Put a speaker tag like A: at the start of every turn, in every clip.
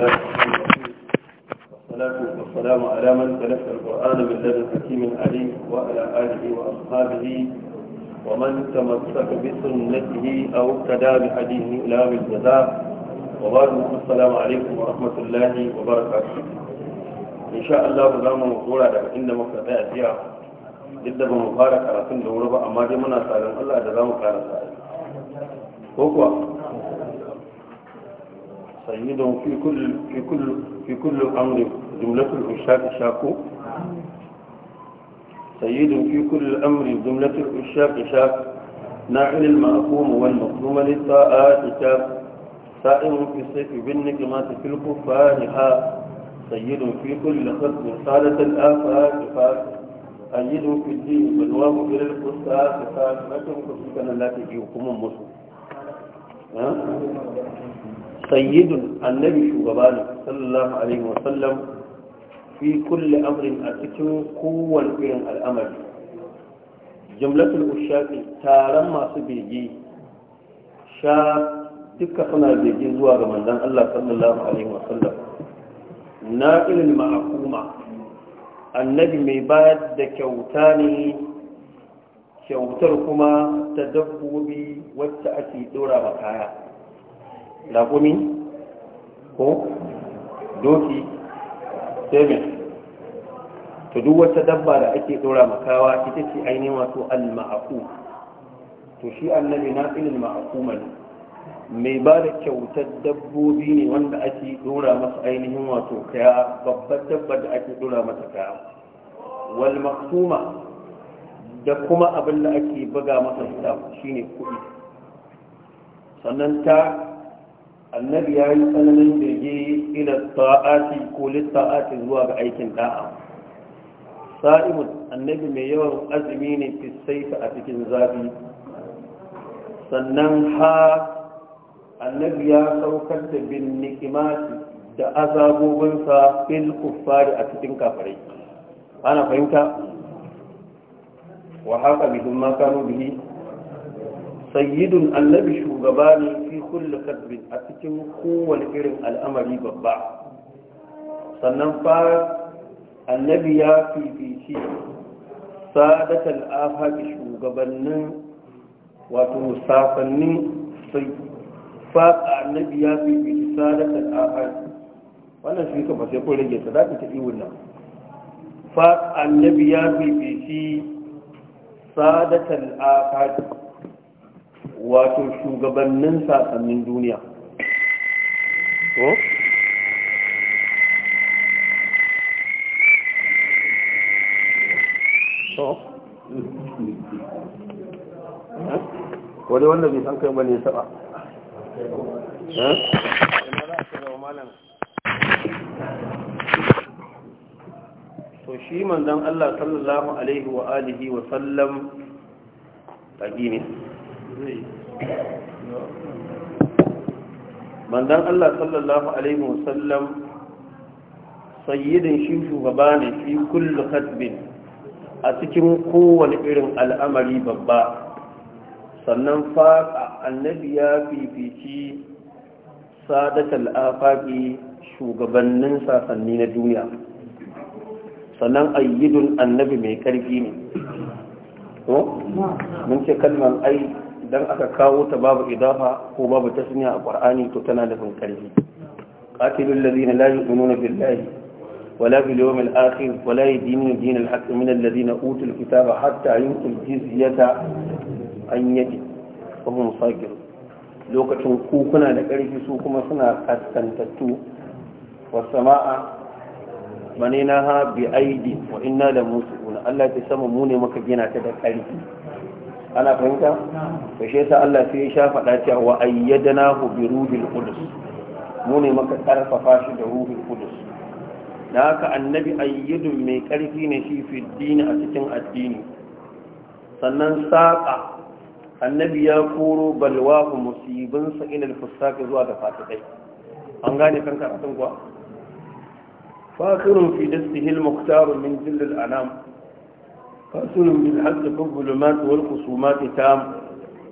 A: الله والصلاة والسلام على من تلقى القرآن من لدن حكيم عليم وعلى آله وأصحابه ومن تمسك بسنته أو ابتدى بهديه إلى بالجزاء وبارك السلام عليكم ورحمة الله وبركاته إن شاء الله زامن وقولا عندما قد فيها duk da ba mu fara karatun da wuri ba amma dai muna tsarin Allah da za mu fara sa ko kuwa سيدهم في كل في كل في كل أمر جملة العشاق شاكو سيد في كل أمر جملة العشاق شاك ناعل المأكوم والمظلوم للطاعات شاك سائر في السيف بالنقمات في الكفار سيد في كل خصم صالة الآفاق فاك أيد في الدين بلواه إلى القصاص فاك ما تنقص كان لا تجيكم المسلم sayyidun annabi shugaba ne sallallahu alaihi wasallam fi kulle amrin a cikin kowane irin al'amari jumlatul ushaqi taron masu bege sha duka suna bege zuwa ga manzon Allah sallallahu alaihi wasallam na'ilul annabi mai bayar da kyauta ne kyautar kuma ta dabbobi wacce ake dora kaya raƙumi ko doki semen to duk wata dabba da ake ɗora makawa ita ce ainihin wato al-ma'aku to shi annabi na ilil ma'akumani mai ba da kyautar dabbobi ne wanda ake ɗora masa ainihin wato kaya babbar dabba da ake ɗora masa kaya wal maksuma da kuma abin da ake buga masa shi shine kuɗi sannan ta annabi ya yi tsananin birge ila ta'ati ko litta'ati zuwa ga aikin da'a sa'imun annabi mai yawan azumi ne fisaita a cikin zafi sannan ha annabi ya saukar da bin nikimati da azabobinsa fil kuffari a cikin kafirai ana fahimta wa haka bihin ma bihi sayyidun annabi shugaba ne fi kulli kadbin a cikin kowane irin al'amari babba sannan fara annabi ya fifici sadatal afaki shugabannin wato safannin sai fasa annabi ya fifici sadatal afaki wannan shi ka sai ko rage ta zaki ta iwon nan fasa annabi ya fifici sadatal afaki wato shugabannin sasannin duniya wani wanda bai san kai bane saba to shi manzon Allah sallallahu alaihi wa alihi wa sallam ne manzan Allah sallallahu Alaihi wasallam sayyidin shi shugaba ne fi kullu hatbin a cikin kowane irin al'amari babba sannan faƙa annabi ya fifici sadat al'afaƙi shugabannin sasanni na duniya sannan ayyidun annabi mai ƙarfi ne mun ce kalmar ai idan aka kawo ta babu idafa ko babu tasniya a qur'ani to tana da fin karfi qatilul ladina la yu'minuna billahi wala bil yawmil akhir wala yadinuna dinal haqq min alladhina utul kitaba hatta yu'tul jizyata an yadi wa hum sagirun lokacin ku kuna da karfi su kuma suna kaskantattu wasama'a manina ha bi aidi wa inna da musu Allah ta sama mu ne maka gina ta da ƙarfi ana fahimta to shi yasa Allah sai ya sha faɗa cewa wa ayyadnahu bi ruhil qudus mu ne muka karfafa shi da ruhul qudus da haka annabi ayyidun mai karfi ne shi fi dini a cikin addini sannan saqa annabi ya koro balwa musibinsa ila al-fusaq zuwa ga fasikai an gane kanka kan karatun kuwa fakirun fi dastihi al min jill al-anam فأسلم بالحق في الظلمات والخصومات تام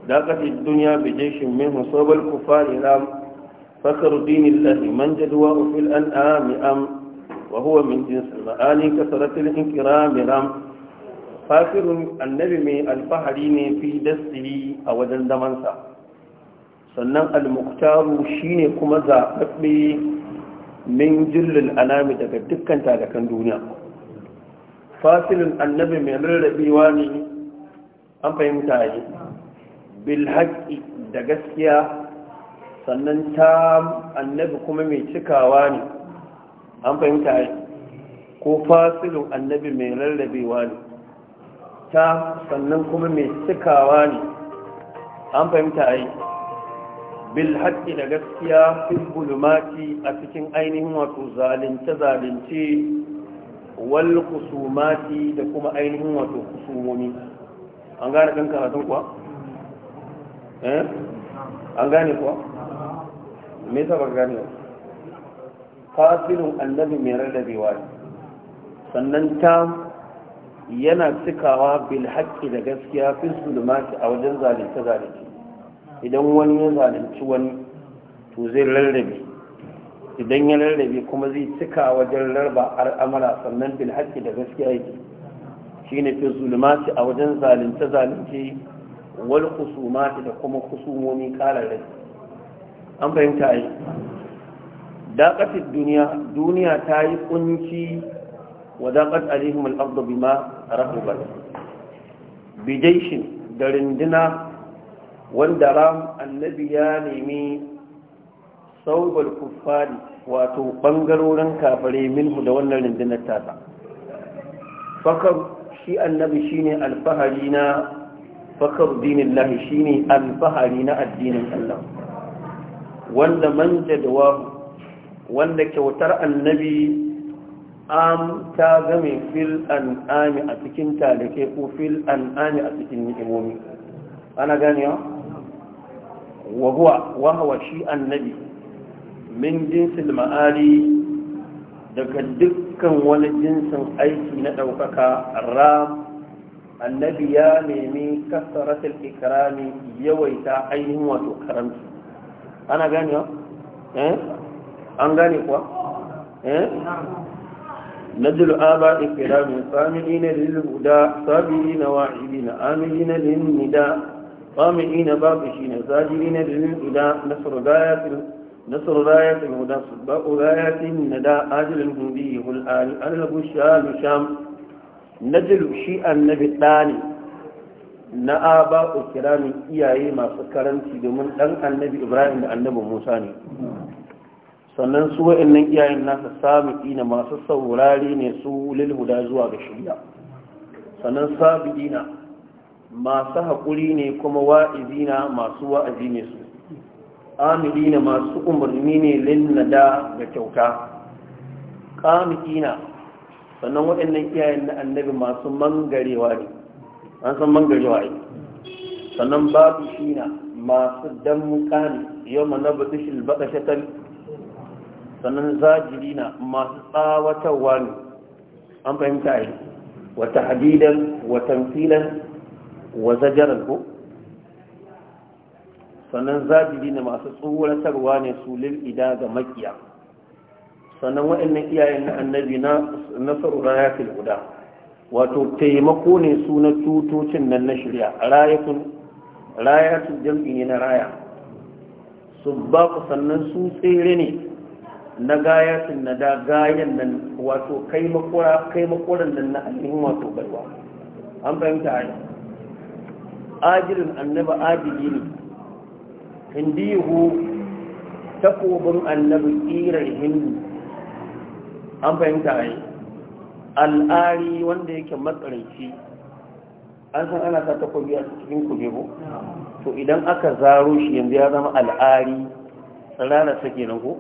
A: ضاقت الدنيا بجيش منه صوب الكفار نام فخر دين الله من جدواه في الأنعام أم وهو من جنس المعاني كثرة الانكرام رام فاكر النبي من الفحرين في دسته أو دندمنسا sannan almuktaru shine kuma zaɓaɓɓe min jillul anami daga dukkan talakan duniya fasilin annabi mai rarrabewa ne an fahimta yi bilhaƙi da gaskiya sannan ta annabi kuma mai cikawa ne an fahimta yi ko fasilin annabi mai rarrabewa ne ta sannan kuma mai cikawa ne an fahimta yi bilhaƙi da gaskiya fi bulmati a cikin ainihin wato zalunce-zalunce wal kusumati da kuma ainihin wato kusumomi an gane ɗan karatun kuwa? eh an gane kuwa? me yasa baka gane fasilin annabi mai rarrabewa ne sannan ta yana cikawa bil haƙƙi da gaskiya fi zulmati a wajen zalunce zalunce idan wani ya zalunci wani to zai rarrabe idan ya rarrabe kuma zai cika wajen rarba al'amara sannan bil haƙƙi da gaskiya yake ne fi zulmati a wajen zalunce zalunce wal khusumati da kuma kusumomi kalarai an fahimta ai daqatid duniya duniya ta yi kunci wa daqat alaihim al-ardu bima rahabat bijayshin da rindina wanda ram annabi ya nemi saubal kuffari wato bangarorin kafare minhu da wannan rindunar tasa fakar shi annabi shine alfahari na fakar dinin lahi ne alfahari na addinin Allah wanda manja da wanda kyautar annabi am ta game fil an'ami a cikin talake ko fil an'ami a cikin ni'imomi ana ganewa wa huwa wa huwa shi annabi min jinsin ma'ari daga dukkan wani jinsin aiki na ɗaukaka ram annabi ya nemi kasaratul ikrami yawaita ainihin wato karamci ana gani wa? eh an gani kuwa eh najlu aba ikrami samiina lil huda sabiina wa'ibina amiina lin nida ina shi qami'ina babishina na lil huda nasru gayatil نصر راية الهدى صداء راية النداء آجل الهندي الآن أرهب الشام شام نجل شيئا النبي الثاني نآباء الكرام kiramin ما masu في domin أن النبي إبراهيم da annabi musa sannan su wa'annan iyayen nasa sami na masu saurari ne su lilhuda zuwa ga shirya sannan sabi'ina masu haƙuri ne kuma wa'izina masu wa'azi ne su amilina masu umarni ne linnada da kyauta ƙami'ina sannan waɗannan iyayen na annabi masu mangarewa ne an san mangarewa ne sannan babu shi shina masu damuka ne yau mana batushin baɗashatar sannan zajirina masu tsawatarwa ne an fahimta yi wata hadidan watan filan wa zajarar ko sannan zabiri na masu tsoratarwa ne su lil'ida ga makiya sannan waɗannan iyayen na annabi na nasaru rayatul guda wato taimako ne su na tutocin nan na shirya rayatun rayatul jam'i ne na raya su ba ku sannan su tsere ne na gayatun na da gayan nan wato kai makwarar kai nan na ainihin wato garwa an fahimta ai ajirin annaba ajili ne hindihu takobin annabi irin hindu an fahimta a yi al'ari wanda yake matsarinci an san ana sa takobi a cikin kujebu to idan aka zaro shi yanzu ya zama al'ari tsirara sake na ko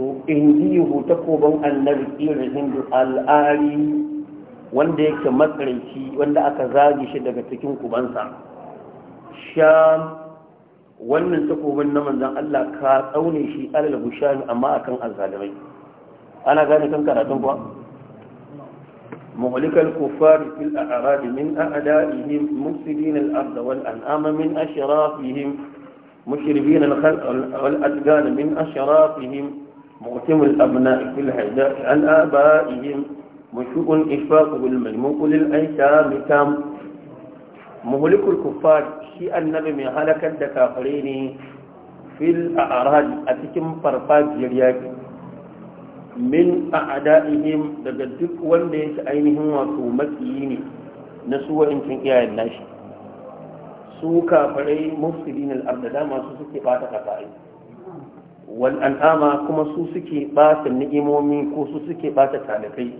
A: to indihu takobin annabi irin hindu al'ari wanda yake matsarinci wanda aka zage shi daga cikin kubansa sham wannan takobin na manzan Allah ka tsaune shi alal bushani amma kan azalimai ana gani kan karatun kuwa مهلك الكفار في الأعراض من أعدائهم مفسدين الأرض والأنعام من أشرافهم مشربين الخلق والأتقان من أشرافهم مؤتم الأبناء في الحداء عن آبائهم مشوء إشفاق المجموع للأيتام تام مهلك الكفار shi annabi mai halakar da kafare ne fil a'raj a cikin farfajiyar yaki min a'da'ihim daga duk wanda yake ainihin wato makiyi ne na su wa'incin iyayen nashi su kafirai mufsidin al-ardh da masu suke bata kafai wal an'ama kuma su suke bata ni'imomi ko su suke bata talakai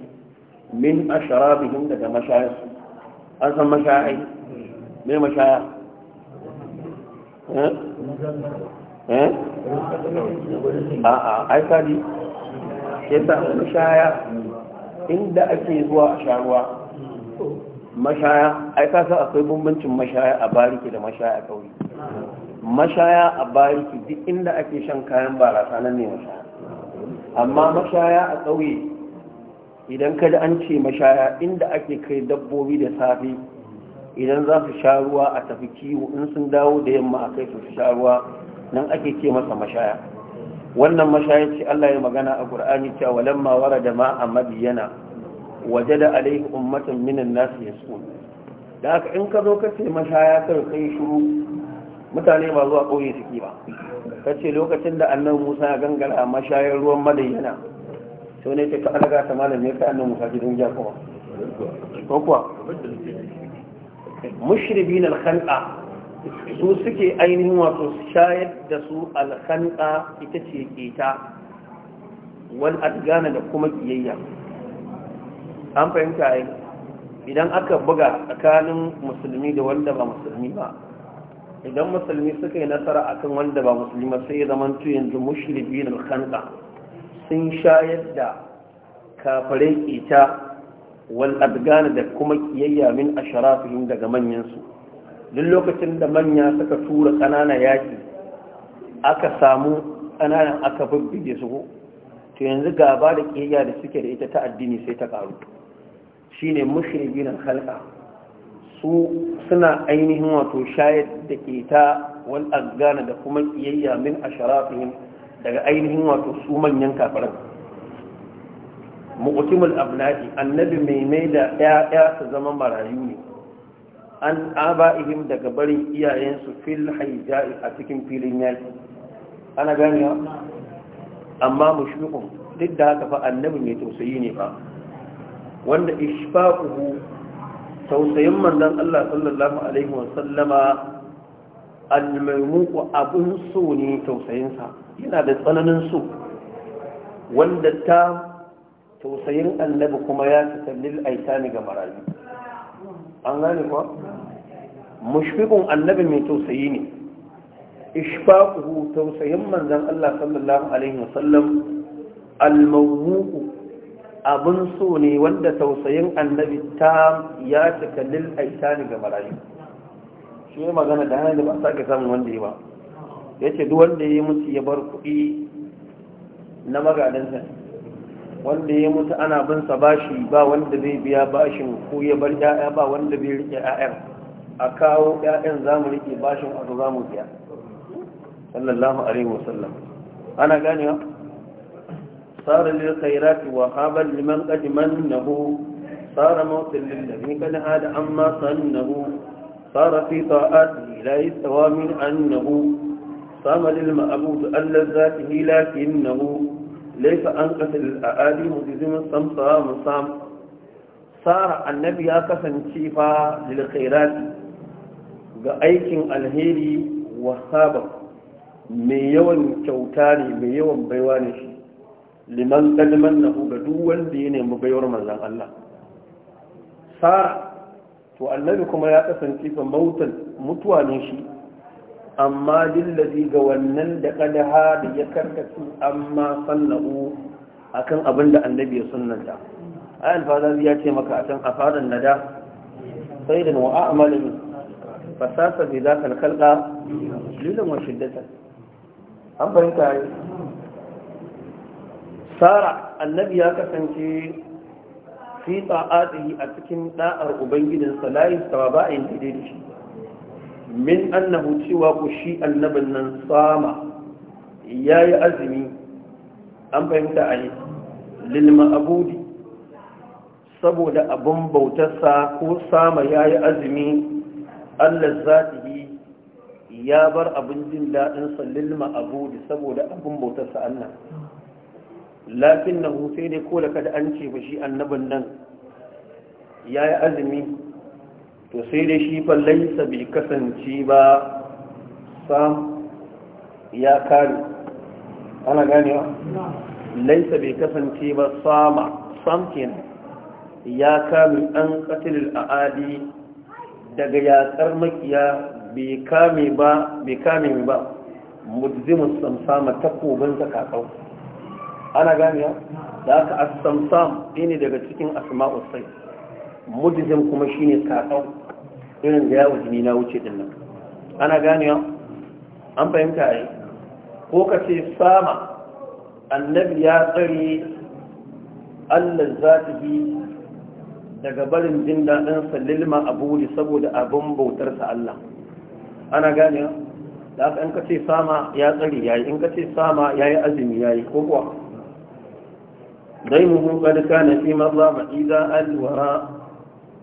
A: min asharabihim daga mashayarsu an san mashayi mai mashaya a'a ai kadi ke sa mashaya inda ake zuwa a sharuwa mashaya ai kasa akwai bambancin mashaya a bariki da mashaya a kauri mashaya a bariki duk inda ake shan kayan barasa nan ne mashaya amma mashaya a ƙauye idan kada an ce mashaya inda ake kai dabbobi da safe idan za su sha ruwa a tafi kiwo in sun dawo da yamma a kai su sha ruwa nan ake ce masa mashaya wannan mashaya ce Allah ya magana a Qur'ani cewa walamma warada ma a madiyana wajada alaihi ummatan minan nasi yasun da haka in ka zo ka ce mashaya kan kai shiru mutane ba zuwa ƙauye suke ba ka ce lokacin da annabi Musa ya gangara mashayar ruwan madiyana to ne ta ka alaga ta malam ya ka annabi Musa gidan jakuma ko kuwa mushribin alkhanqa su suke ainihin wato shayar da su alkhanqa ita ce ita wal adgana da kuma kiyayya an fahimta ai idan aka buga tsakanin musulmi da wanda ba musulmi ba idan musulmi suka yi nasara akan wanda ba musulmi sai ya zama tu yanzu mushribin alkhanqa sun shayar da kafirai ita wal adgana da kuma kiyayya min asharafihim daga manyansu duk lokacin da manya suka tura ƙanana yaki aka samu ƙananan aka bibbige su to yanzu gaba da kiyayya da suke da ita ta addini sai ta karu shine mushrikin halqa su suna ainihin wato shayar da ke ta wal da kuma kiyayya min asharafihim daga ainihin wato su manyan kafirai muqtimul abnadi annabi mai mai da yaya su zama marayu ne an aba'ihim daga barin iyayensu fil haija'i a cikin filin yaki ana ganewa amma mushrikun duk da haka fa annabi mai tausayi ne ba, wanda ishfaquhu tausayin manzon Allah sallallahu alaihi wasallama almaimuku abun so ne tausayinsa yana da tsananin so wanda ta tausayin annabi kuma ya fita lil aitami ga marayu an gane kuwa mushfiqun annabi mai tausayi ne ishfaquhu tausayin manzon Allah sallallahu alaihi wasallam al-mawmu'u abun so ne wanda tausayin annabi ta ya cika lil aitani ga marayu shi ne magana da hanyar da ba sake samun wanda ya ba ya ce duk wanda ya musu ya bar kuɗi na magadansa wanda ya mutu ana bin sa bashi ba wanda zai biya bashin ko ya bar ya'ya ba wanda bai rike ya'yan a kawo ya'yan za mu rike bashin a za mu biya sallallahu alaihi wasallam ana ganewa sara lil khairati wa habal liman qad mannahu sara mawtil lil ladhi qad hada amma sannahu sara fi ta'ati la yastawa min annahu sama lil ma'bud allazi la kinnahu laifin an kasa da adi mutuzimin samsawa musam sa annabi ya kasance fa lilkhairati ga aikin alheri wa sabab yawan kyauta ne mai yawan baiwa ne shi liman kalman na ga duk wanda ya nemi baiwar manzan Allah sa to annabi kuma ya kasance fa mautan mutuwa ne shi amma lillazi ga wannan da kada hada ya karkatu amma sanna'u akan abin da annabi ya sunnanta ayan fazazi ya ce maka akan afadan nada sayrin wa a'malin fasasa bi zaka kalka, lilan wa shiddatan an fahimta yi sara annabi ya kasance fi ta'atihi a cikin da'ar ubangidinsa, la yastawa ba a yin daidai da shi min annahu cewa ku shi annabin nan sama ya yi azumi an fahimta a yi lilma'abudi saboda abin bautarsa ko sama ya yi azumi allah yi ya bar abin jin daɗinsa abudi saboda abin bautarsa allah Lafin na sai ne ko da kada an ce ba shi annabin nan ya yi azumi to sai dai shi fa laisa bai kasance ba sam ya kare ana wa laisa bai kasance ba sama sam kenan ya kame an katil al'adi daga yatsar makiya bai kame ba bai kame ba mujzimus samsama takobin zakakau ana ya da aka as-samsam ne daga cikin asma'us sai mujzim kuma shine kakau irin da ya wuce ni na wuce din nan ana gane an fahimta yi ko ka ce sama annabi ya tsare allah za ta yi daga barin jin daɗin salilma abu ne saboda abin bautarsa allah ana gane da aka in ka ce sama ya tsare ya yi in ka ce sama ya yi azumi ya yi ko kuwa daimuhu kad kana fi mazlama idza alwara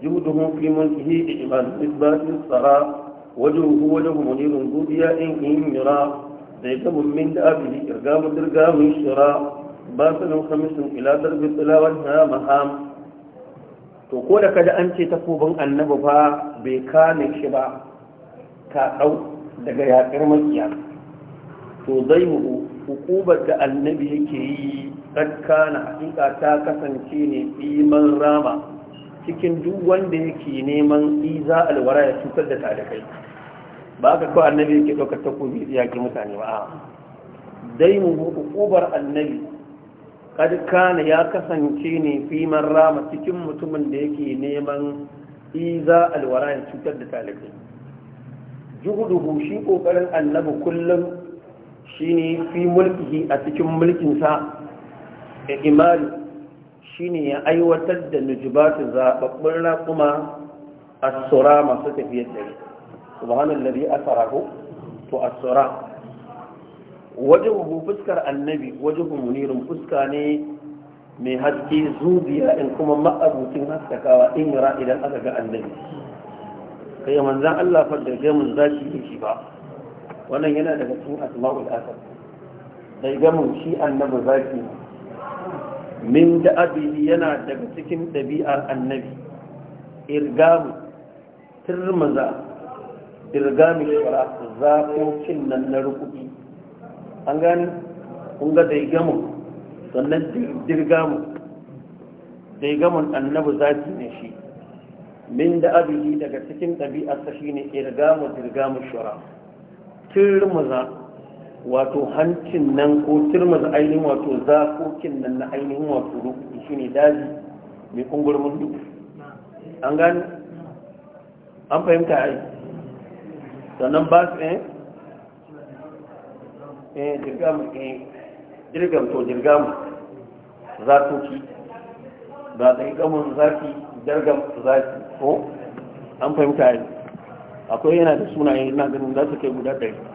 A: جهده في ملكه إجمال إثبات الصلاة وجهه وجه منير ذو ضياء إن يرى من دابه إرقام درقام الشراء باسل خمس إلى درب التلاوة مهام to ko da kada an ce takobin annabi fa bai kame shi ba ka dau daga yakar makiya to zai mu hukubar da annabi yake yi tsakana hakika ta kasance ne iman rama cikin duk wanda yake neman iza alwara ya cutar da talibai ba aka kawo annabi yake ɗaukar takobi ke mutane ba dai mu ƙobar annabi kad kana ya kasance ne fi rama cikin mutumin da yake neman iza alwara ya cutar da talibai juhuduhu shi ƙoƙarin annabi kullum shine fi mulki a cikin mulkinsa da e imani shine ya aiwatar da nujubatu zababbun raquma a sura masu tafiyar dare subhanallazi asarahu to as-sura wajhuhu fuskar annabi wajhu munirun fuska ne mai haske zubiya in kuma ma'abucin haskakawa in yara idan aka ga annabi kai manzan Allah fa ga gamin zaki yi shi ba wannan yana daga cikin asma'ul asar dai gamin shi annabi zaki min da abihi yana daga cikin ɗabi'ar annabi irgamu turmaza irgamu shara zakokin nan na rukuɗi, an gani kunga daigamu sannan dirgamu daigamun annabi zafi ne shi min da abihi daga cikin ɗabi'arsa shi shine irgamu dirgamu shara turmaza wato hancin nan ko turmar ainihin wato zakokin nan na ainihin wato rukuki shine daji mai kungurmin duk an gani an fahimta ai sannan ba su eh, eh jirgam eh, to jirgamu zakoki ba da ikamun zafi jirgam zafi ko an fahimta ai akwai yana da sunaye ina ganin za su kai guda ɗari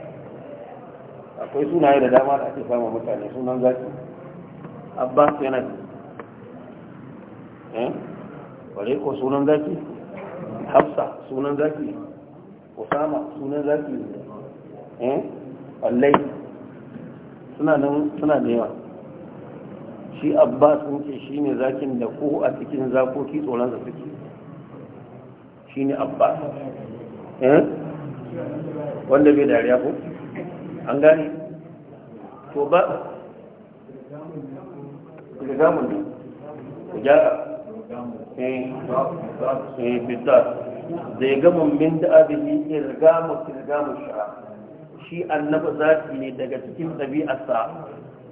A: akwai sunaye da dama da ake samun mutane sunan zaki abbas yana da eh? wale ko sunan zaki hafsa sunan zaki usama sunan zaki eh? allai suna nan suna da yawa shi abbas sun ce shi ne zakin da ko a cikin zakoki tsoron sa suke shi ne abbas eh? wanda bai dariya ko an gane to ba rigamun ne ku gyara eh bidda eh, gama min da abin irgamu irgamu shara shi annaba zaki ne daga cikin ɗabi'arsa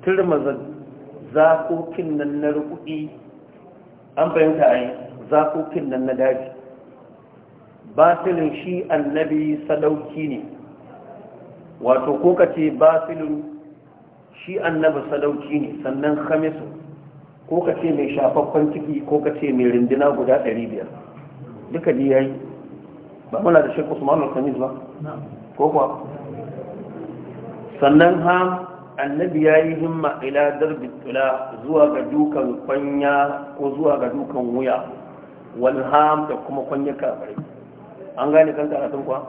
A: turmaza zakokin nan na rukuɗi an fahimta a yi zakokin nan na daji basilin shi annabi sadauki ne wato ko ka ce basilin shi annaba sadauki ne sannan khamisu ko ka ce mai shafaffen ciki ko ka ce mai rindina guda 500 duka ni yayi ba muna da shekku usman al-khamis ba ko kuwa sannan ha annabi ya yi himma ila darbi tula zuwa ga dukan kwanya ko zuwa ga dukan wuya wal ham da kuma kwanya kafirai an gane kan karatun kuwa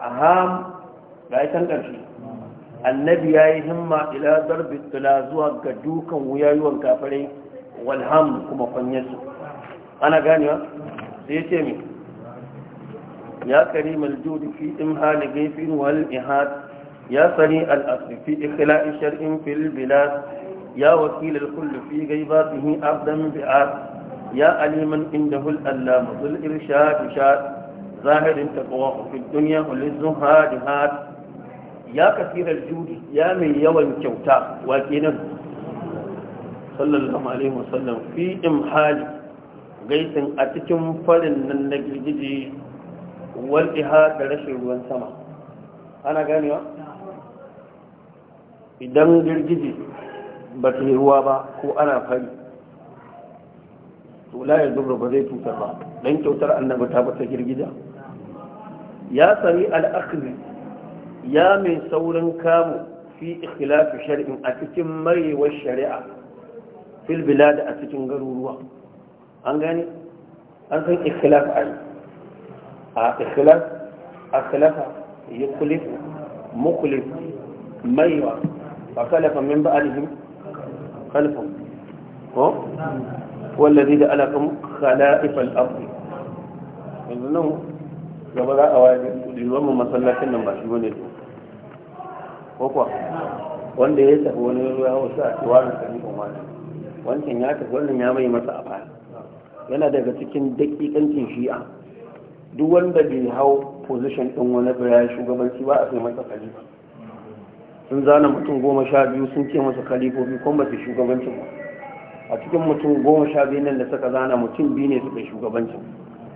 A: a ham ga kan karshe annabi ya yi himma ila zarbi tula zuwa ga dukan wuyayuwan kafirai walham kuma kwanyarsu ana ganewa sai ya ce mai ya kari maljudi fi imhali gaifin wal ihad ya sani al'asri fi ikhla'i in fil bilas ya wakilar al-kull fi ghaibatihi abdan bi'ad ya aliman inda al-allama dhul irshad shad zahirin taqwa fi dunya wal zuhad ya kasirar juri ya mai yawan kyauta waƙi nan sallallahu alaihi wasallam fi imhali gaisin a cikin farin nan na girgije iha da rashin ruwan sama ana ganewa idan girgije ba ta yi ruwa ba ko ana fari to la ya ba zai cutar ba don kyautar annabi ta bata girgija ya sami al'akari ya min saurin kamu fi ikhilafi shari'in a cikin marewar shari'a fil bilad a cikin garuruwa an gane an san a ai a ikhilaf akhlafa yukhlifu mukhlif maiwa fa khalafa min ba'dihim khalfun ko wallazi da alakum khala'ifal ardh yanzu nan gaba za a waye da ruwan masallacin nan ba shi bane ko wanda ya tafi wani ruwa wasu a cewa na tarihun wani wancan ya tafi wannan ya mai masa a baya yana daga cikin dakikancin shi'a duk wanda bai hau position ɗin wani baya shugabanci ba a sai masa khalifa sun zana mutum goma sha biyu sun ce masa khalifofi kuma ba su shugabancin ba a cikin mutum goma sha biyu nan da suka zana mutum biyu ne suka shugabancin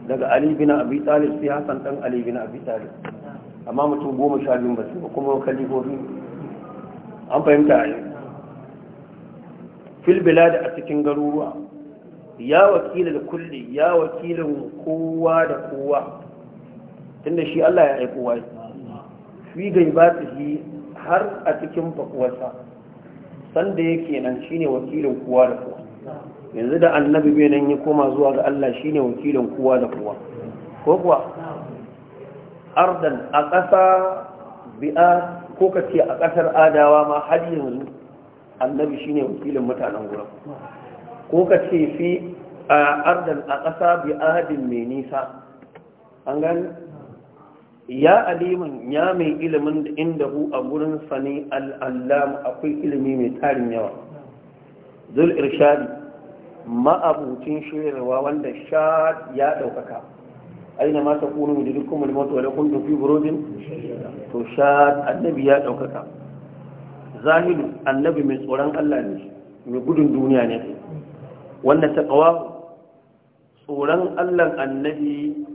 A: daga ali bin abi talib sai hasan dan ali bin abi talib amma mutum goma sha biyun ba su ba kuma kalifofi an fahimta a yau fil da a cikin garuruwa ya wakila da kulle ya wakilin kowa da kowa tunda shi Allah ya aiko wai fi gaibatihi har a cikin fakuwarsa sanda yake nan shi ne wakilin kowa da kowa yanzu da annabi benin nan ya koma zuwa ga Allah shi ne wakilin kowa da kowa ko kuwa ardan a ƙasa bi'a ko ka ce a ƙasar adawa ma har yanzu annabi shine wakilin mutanen gurin ko ka ce fi a ardan a ƙasa hadin mai nisa an gani ya aliman ya mai ilimin da inda hu a gurin sani al'allam akwai ilimi mai tarin yawa zul irshadi ma'abucin shirarwa wanda sha ya ɗaukaka aina ma ta kunu mujrikum al-maut wa kun fi burodin? to sha annabi ya ɗaukaka, zahidu annabi mai tsoron Allah ne mai gudun duniya ne wanda ta kawa tsoron Allah annabi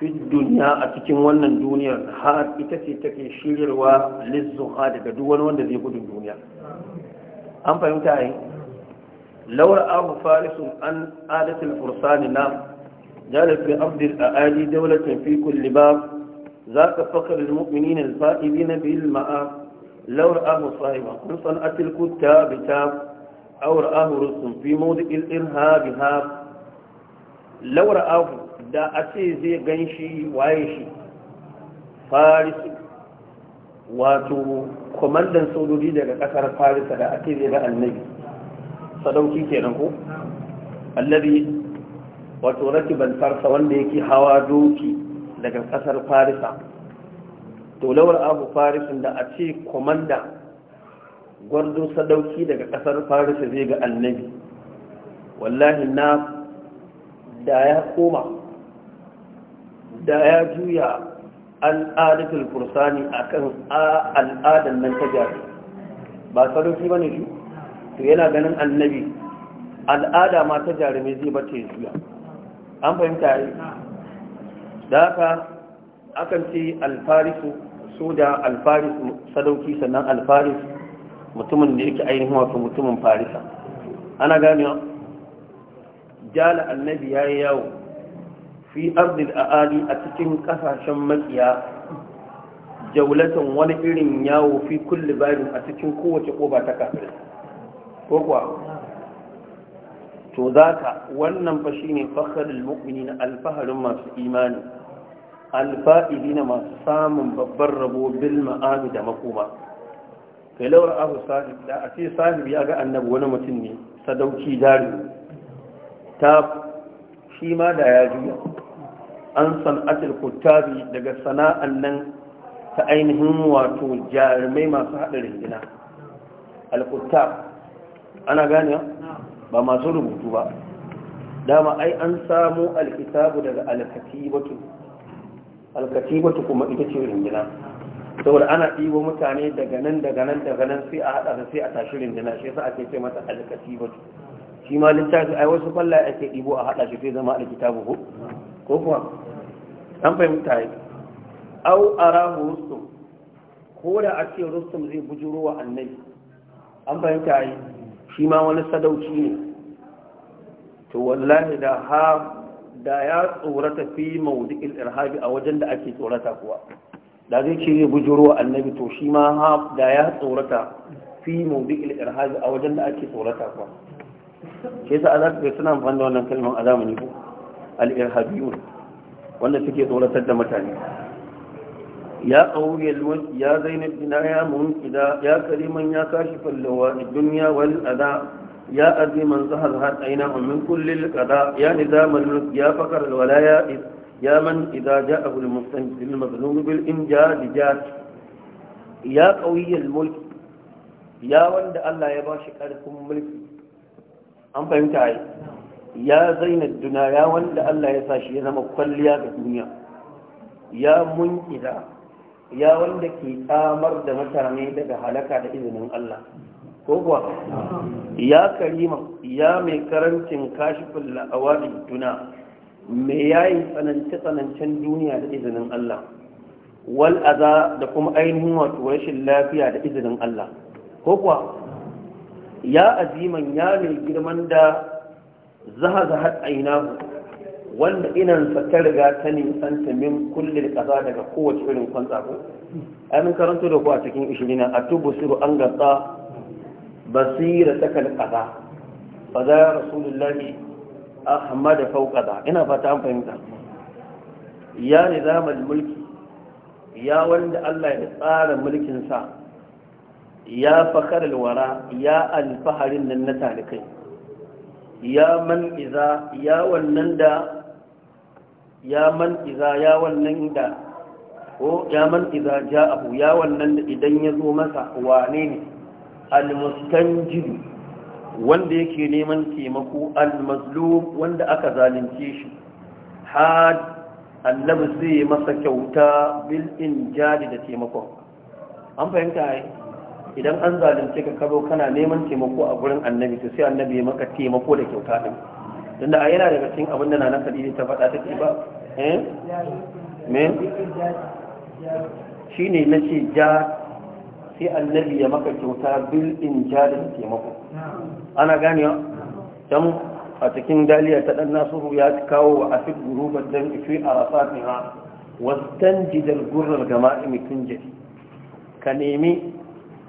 A: fi duniya a cikin wannan duniyar har ita ce take shiryarwa lizzuha daga duk wani wanda zai gudun duniya an fahimta yi laura abu farisun an adatul fursani na jarafin abdul a'adi daulatan fi kulli ba za ka fakar mu'mini na fa'idi na bi ilma'a laura ahu sahiba san atil kuta bi ta awar ahu rusun fi mawuzi ilin ha bi ha laura ahu da a ce zai ganshi shi waye shi farisi wato kwamandan sojoji daga kasar farisa da ake zai ga annabi kenan wato ban farsa wanda yake hawa doki daga kasar farisa to lawar abu farisin da a ce komanda gwardo sadauki daga kasar farisa zai ga annabi wallahi na da ya koma da ya juya al'adatul kursani akan al'adar nan ta jari ba sadauki ba ne shi to yana ganin annabi al'ada ma ta jarumi zai bace juya an fahimta yi da haka akan ce alfarisu soja alfarisu sadauki sannan alfaris mutumin da yake ainihin wato mutumin farisa ana ganewa jala annabi ya yi yawo fi ardil a'ali a cikin kasashen makiya jaulatan wani irin yawo fi kulli bayan a cikin kowace koba ta kafin ko kuwa to za zaka wannan fa shine fakhrul na alfaharin masu imani alfa'idina masu samun babbar rabo bil ma'ami da makoma kai laura abu sahib da a ce sahib ya ga annabu wani mutum ne sadauki dari ta shi ma da ya juya an sanatar kuttabi daga sana'an nan ta ainihin wato jarumai masu haɗarin gina al-kuttab ana ganewa ba masu rubutu ba dama ai an samu alkitabu daga alkatibatu alkatibatu kuma ita ce rindina saboda ana ɗibo mutane daga nan daga nan daga nan sai a haɗa da sai a tashi rindina shi yasa ake ce mata alkatibatu shi ma littafi ai wasu kwallaye ake ɗibo a haɗa shi sai zama alkitabu ko ko an fahimta yi au arahu rustum ko da a ce rustum zai bujuro wa annabi an fahimta yi shi ma wani sadauki ne to wallahi da ha da ya tsorata fi maudu'il irhabi a wajen da ake tsorata kuwa da zai ce zai bujuro annabi to shi ma ha da ya tsorata fi maudu'il irhabi a wajen da ake tsorata kuwa Ke sa azab bai suna amfani da wannan kalmar azamani ko al-irhabiyun wanda suke tsoratar da mutane ya qawli alwan ya zainab bina ya munqida ya kariman ya kashifal lawani dunya wal ada ya aziman zahal had aina min kulli qada ya nizamal mulk ya fakar al walaya ya man idza ja'ahu al mustanjid al mazlum bil injad jat ya ƙauyiyar mulki. ya wanda Allah ya ba shi ƙarfin mulki an fahimta yi. ya zaina duna ya wanda Allah ya sa shi ya zama kwalliya ga duniya ya munkida ya wanda ke tsamar da mutane daga halaka da izinin Allah ko kuwa ya karima ya mai karancin kashifin la'awari tuna mai yayin tsanance-tsanancen duniya da izinin Allah wal aza da kuma ainihin wato rashin lafiya da izinin Allah ko kuwa ya aziman ya mai girman da zaha-zaha ainihu wanda inansa ta riga ta nisanta min kullum kaza daga kowace irin kwantsa ko karanto da ku a cikin ishirina. a tubu siru an gasa basira sakal kaza ba za rasulullahi ahmad fauka da ina fata an fahimta ya nizamul mulki ya wanda Allah ya tsara mulkin sa ya fakar alwara ya alfaharin nan na talikai ya man iza ya wannan da ya man iza ya wannan da ko ya wannan da idan ya zo masa wane ne almustanjid wanda yake neman taimako almazlum wanda aka zalunce shi had annabi zai masa kyauta bil injadi da taimako an fahimta ai idan an zalunce ka kazo kana neman taimako a gurin annabi to sai annabi ya maka taimako da kyauta din tunda a yana daga cikin abin da na nan kadiri ta faɗa take ba eh? Shi ne na ce ja sai annabi ya maka kyauta bil in ja da taimako ana ganewa dan a cikin daliya ta dan nasiru ya kawo wa a afid a dan fi arasatiha wastanjid al gurr gama'im jiki. ka nemi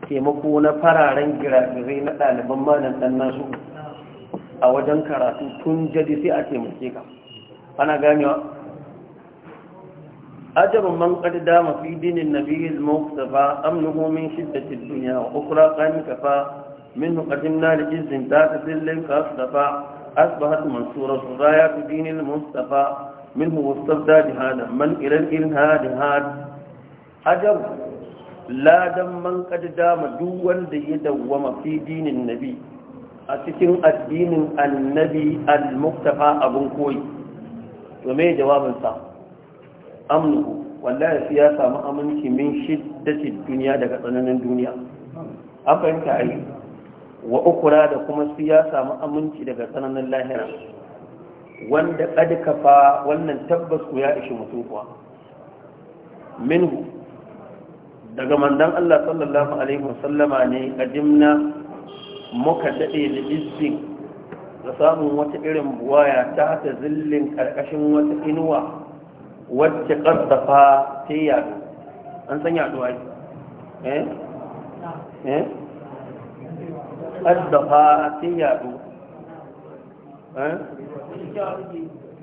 A: taimako na fararen giragirai na ɗaliban manan ɗan nasiru a wajen karatu tun jadi sai a taimake ka ana ganewa ajabun man qad dama fi dinin nabiyil muqtafa amnuhu min shiddatid dunya wa ukhra qamika fa منه قدمنا لجز ذات ذل كاصطفى أصبحت منصورة Min دين المصطفى منه واستبدى irin من إلى الإلهاد هاد عجب لا دم من قد دام دوا ليدوم في دين النبي a cikin addinin annabi al-muktafa abin koyi to me jawabinsa amnuhu wallahi ya samu aminci min shiddatin duniya daga tsananin duniya an fahimta a yi wa ukura da kuma su ya samu aminci daga tsananin lahira wanda fa wannan tabbas ku ya ishi mutum kuwa minhu daga mandan Allah sallallahu alaihi wasallama ne kadimna muka daɗe da izzin da samun wata irin buwaya ta ta zillin ƙarƙashin wata inuwa wacce ƙarfafa ta yaɗu an san yaɗuwa yi eh eh ƙarfafa ta yaɗu eh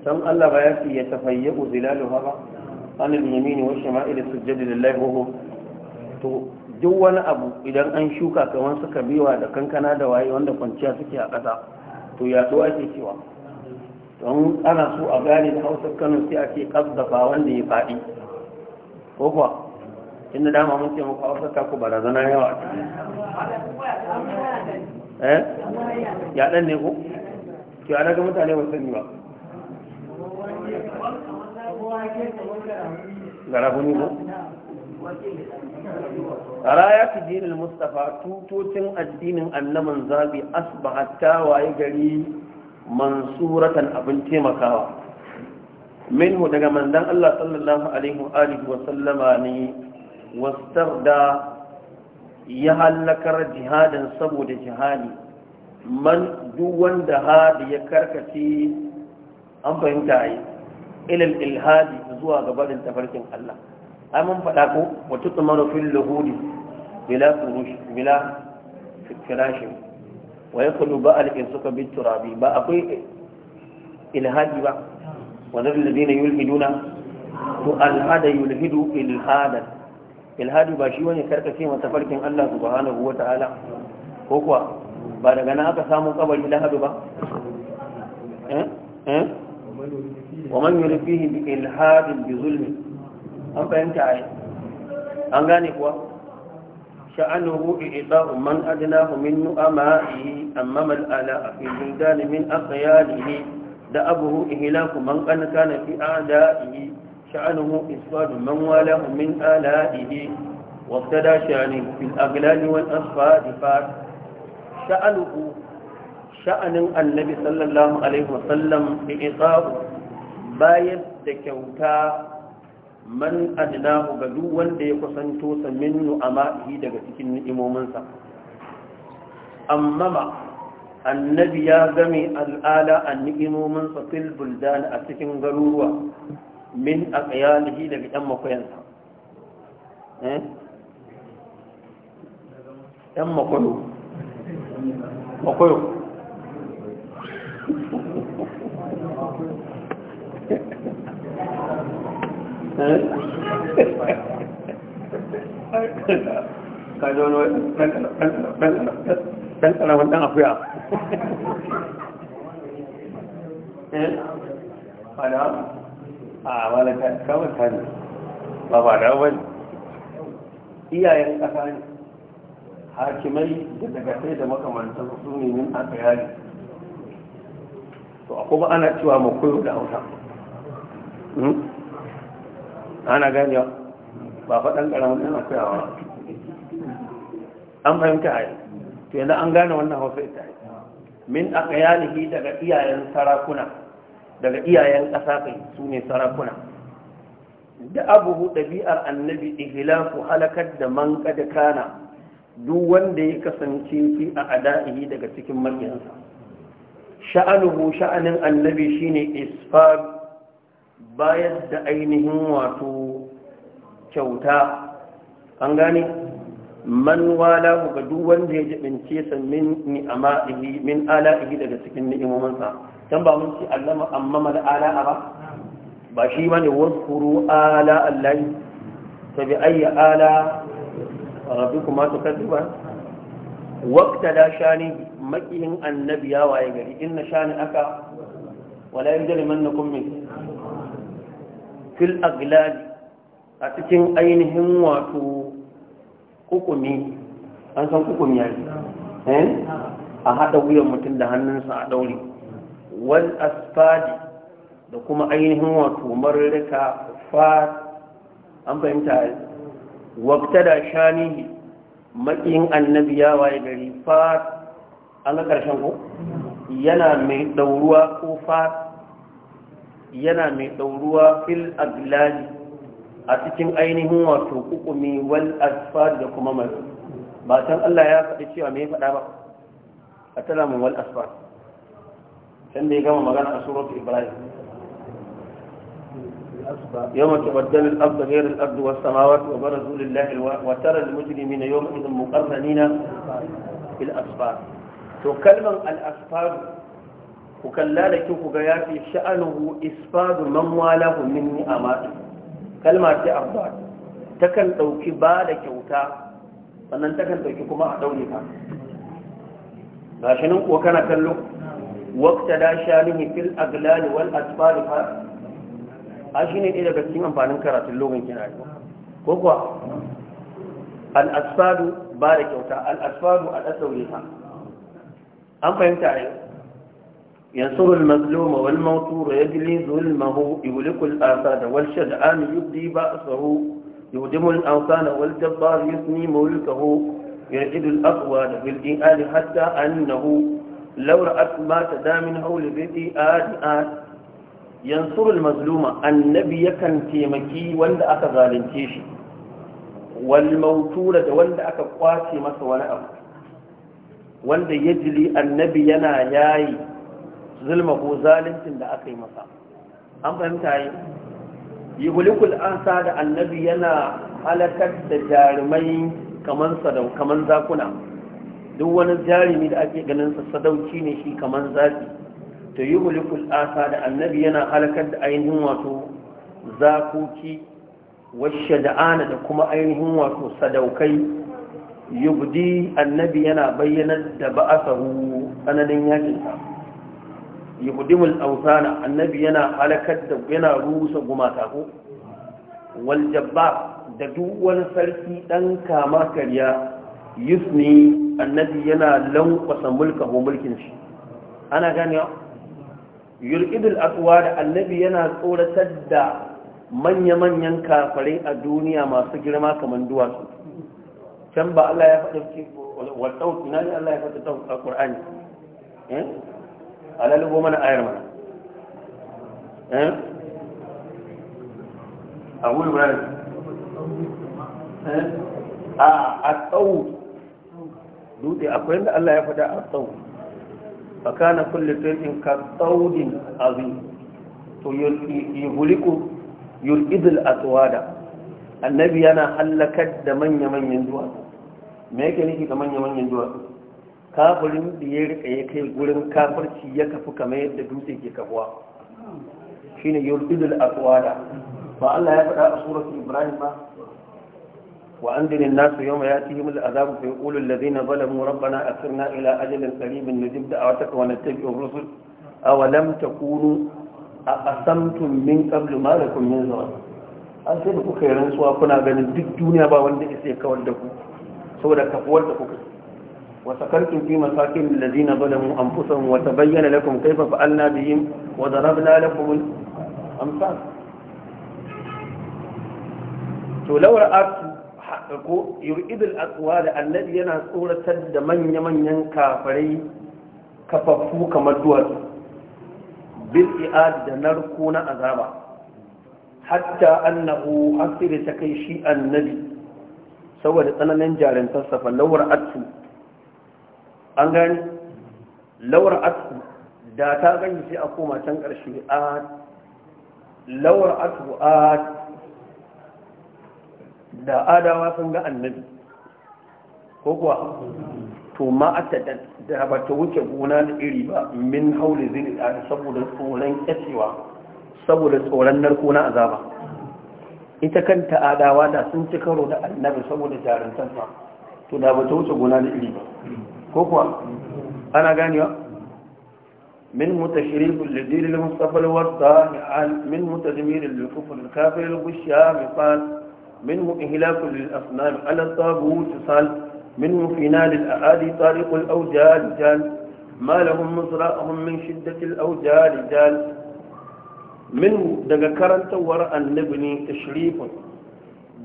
A: san Allah ba ya fi ya tafayyabu zilaluha ba an al wa shama'il sujjadi lillahi wa to duk wani abu idan an shuka kamar suka biwa da kankana da waye wanda kwanciya suke a ƙasa to yaɗo ake cewa don ana so a gane da hausa kano sai a ce ƙasdafa wanda ya faɗi ko kuwa inda dama mun ce muku hausa ta ku barazana yawa a cikin
B: eh ɗan ne ko
A: ki ana ga mutane ba sani ba
B: garafuni ko rayatu
A: dinil mustafa tutocin addinin annaban zabi asbahat waye gari mansuratan abin taimakawa minhu daga manzon Allah sallallahu alaihi wa alihi wa sallama ne wastarda ya halakar jihadin saboda jihadi man duk wanda hadi ya karkace an fahimta yi ilal ilhadi zuwa gabanin tafarkin Allah ai mun faɗa ko wata tsumaru fil lahudi bila firashin. bila firashi wa yakulu ba al-insuka bit turabi ba akwai ilhadi ba wa zalil ladina yulhiduna to alhada yulhidu ilhadan ilhadu ba shi wani karkace masa farkin Allah subhanahu wata'ala ko kuwa ba daga nan aka samu kabari lahadu ba eh eh wa man yulfihi bi ilhadin bi zulmi an fahimta ai an gane kuwa sha'anuhu i'ta'u man adnahu min yi amma mal ala fi buldan min ne da abuhu ihlaku man kana na fi a'da'ihi sha'anuhu isfadu man walahu min ala'ihi وابتدى شأنه في الأغلال والأصفاد فات sha'anin annabi sallallahu alaihi الله عليه وسلم bayan da kyauta. man adnahu ga duk wanda ya kusanto sa min nu'amahi daga cikin ni'imominsa amma ma annabi ya game al'ala an ni'imominsa fil buldan a cikin garuruwa min aqyalihi daga ɗan makoyansa eh ɗan makoyo makoyo ka wani ɗan ƙaramin ɗan a ne ba ba da wani iyayen ƙasa ne hakimai da daga sai da makamantar su ne min aka yari to a kuma ana cewa makoyo da hausa ana ganewa ba faɗan ƙaramin yana koyawa an fahimta a yi to yanzu an gane wannan hausa ita yi min a ƙayalihi daga iyayen sarakuna daga iyayen ƙasa kai su ne sarakuna da abubu ɗabi'ar annabi ihilafu halakar da man kada kana duk wanda ya kasance fi a ada'ihi daga cikin makiyansa sha'anuhu sha'anin annabi shine isfar bayar da ainihin wato kyauta an gane man wala ga duk wanda ya jibince sa min ni'amahi min ala'ihi daga cikin ni'imominsa dan ba mun ci allama amma mal ala'a ba ba shi bane wazkuru ala allahi Ta bi ayyi ala rabbikuma tukadiba waqta da shani makihin annabiya waye gari inna shani aka wala yajlimannakum min fil agladi a cikin ainihin wato kukumi an san kukumi ya yi eh? a haɗa wuyan mutum da hannunsa a ɗauri wal asfadi da kuma ainihin wato mararrika fa an fahimta wakta da shanihi maƙiyin annabi ya waye gari fa an ga ƙarshen ko yana mai ɗauruwa ko fa yana mai ɗauruwa fil aglali a cikin ainihin wato kukumi wal asfar da kuma mai ba san Allah ya faɗi cewa mai faɗa ba a tana wal asfar can da ya gama magana a suratu ibrahim يوم تبدل الأرض غير الأرض والسماوات وبرزوا لله وترى المجرمين fil مقرنين to الأسفار al الأسفار ku kalla da kyau ku ga ya fi sha'anuhu isfadu man walahu minni amatu kalma ce abba kan ɗauki ba da kyauta sannan kan ɗauki kuma a ɗaure ka gashi nan kuwa kana kallo wakta da shanihi fil aglali wal asfali fa a ne ɗaya daga cikin amfanin karatun logan kina yi ko kuwa al asfadu ba da kyauta al asfadu a ɗasaure ka an fahimta ne ينصر المظلوم والموتور يجلي ظلمه يولك الآثان والشجعان يبدي بأسه يهدم الأوثان والجبار يثني ملكه يجد الأقوال بالجئال حتى أنه لو رأت ما تدا من هول بيتي آد آد ينصر المظلوم النبي يكن تيمكي وند أكا ظالمتيشي والموتورة وند أكا قواتي مسوانا أبو وند يجلي النبي ينا ياي zulma ko zaluncin da aka yi masa an fahimta yi yuhulikul sa da annabi yana halakar da jarumai kamar sadau kamar zakuna duk wani jarumi da ake ganin sa sadauki ne shi kamar zafi to yuhulikul sa da annabi yana halakar da ainihin wato zakoki washe da'ana da kuma ainihin wato sadaukai yubdi annabi yana bayyanar da ba'asahu tsananin yakinsa yuhdimul awsana annabi yana halakar da yana rusa gumata ko wal jabbar da duk wani sarki dan kama kariya yusni annabi yana lankwasa mulka ko mulkin shi ana ganewa yurqidul da annabi yana tsoratar da manya-manyan kafarai a duniya masu girma kamar duwatsu can ba Allah ya faɗa wa tsauki na ne Allah ya faɗa tsauki a ƙur'ani eh? a lalubo mana ayar mana
B: a wuri wurare a
A: a tsawo dutse akwai inda Allah ya fada a tsawo a kana kullu tayyin ka tsawodin azim to yuridu al atwada annabi yana halakar da manya-manyan duwatsu me yake nufi da manya-manyan duwatsu kafirin da ya rika ya kai gurin kafirci ya kafu kamar yadda dutse ke kafuwa Shi shine yurdidul aqwala ba Allah ya faɗa a suratul ibrahim ba wa anzil an-nas yawma yatihim al-azab fa yaqulu alladhina zalamu rabbana akhirna ila ajalin qaribin nujib da'wataka wa nattabi'u ar-rusul aw lam takunu aqsamtum min qablu ma lakum min zawal an sai da kuka yi rantsuwa kuna ganin duk duniya ba wanda ya sai kawar da ku saboda kafuwar da kuka وسكنتم في مساكن الذين ظلموا أنفسهم وتبين لكم كيف فعلنا بهم وضربنا لكم الأمثال لو رأت يرئد الأقوال الذي ينا سورة سد من يمن ينكافري كففو كمدوات بالإعادة نركون أذابا حتى أنه أثر تكيشي النبي سوى لطلنا نجار انتصف لو رأته an gani laura atku da ta gani sai a koma can ƙarshe a laura atku a da adawa sun ga annabi ko kuwa to ma'atadan da ba ta wuce gona da iri ba min haule zini da saboda tsoron kyacewa saboda tsoron narko na azaba ita kanta adawa da sun ci karo da annabi saboda jarantarsa to da ba ta wuce gona da iri ba كوكو انا غانيا من منه تشريف لدين المصطفى الوضاح منه تدمير للكفر الكافر الغشام قال منه إهلاك للأصنام على الطابوت صال منه فناء للأعادي طارق الأوجال جال ما لهم مصراءهم من شدة الأوجال جال منه دقكرا وراء النبني تشريف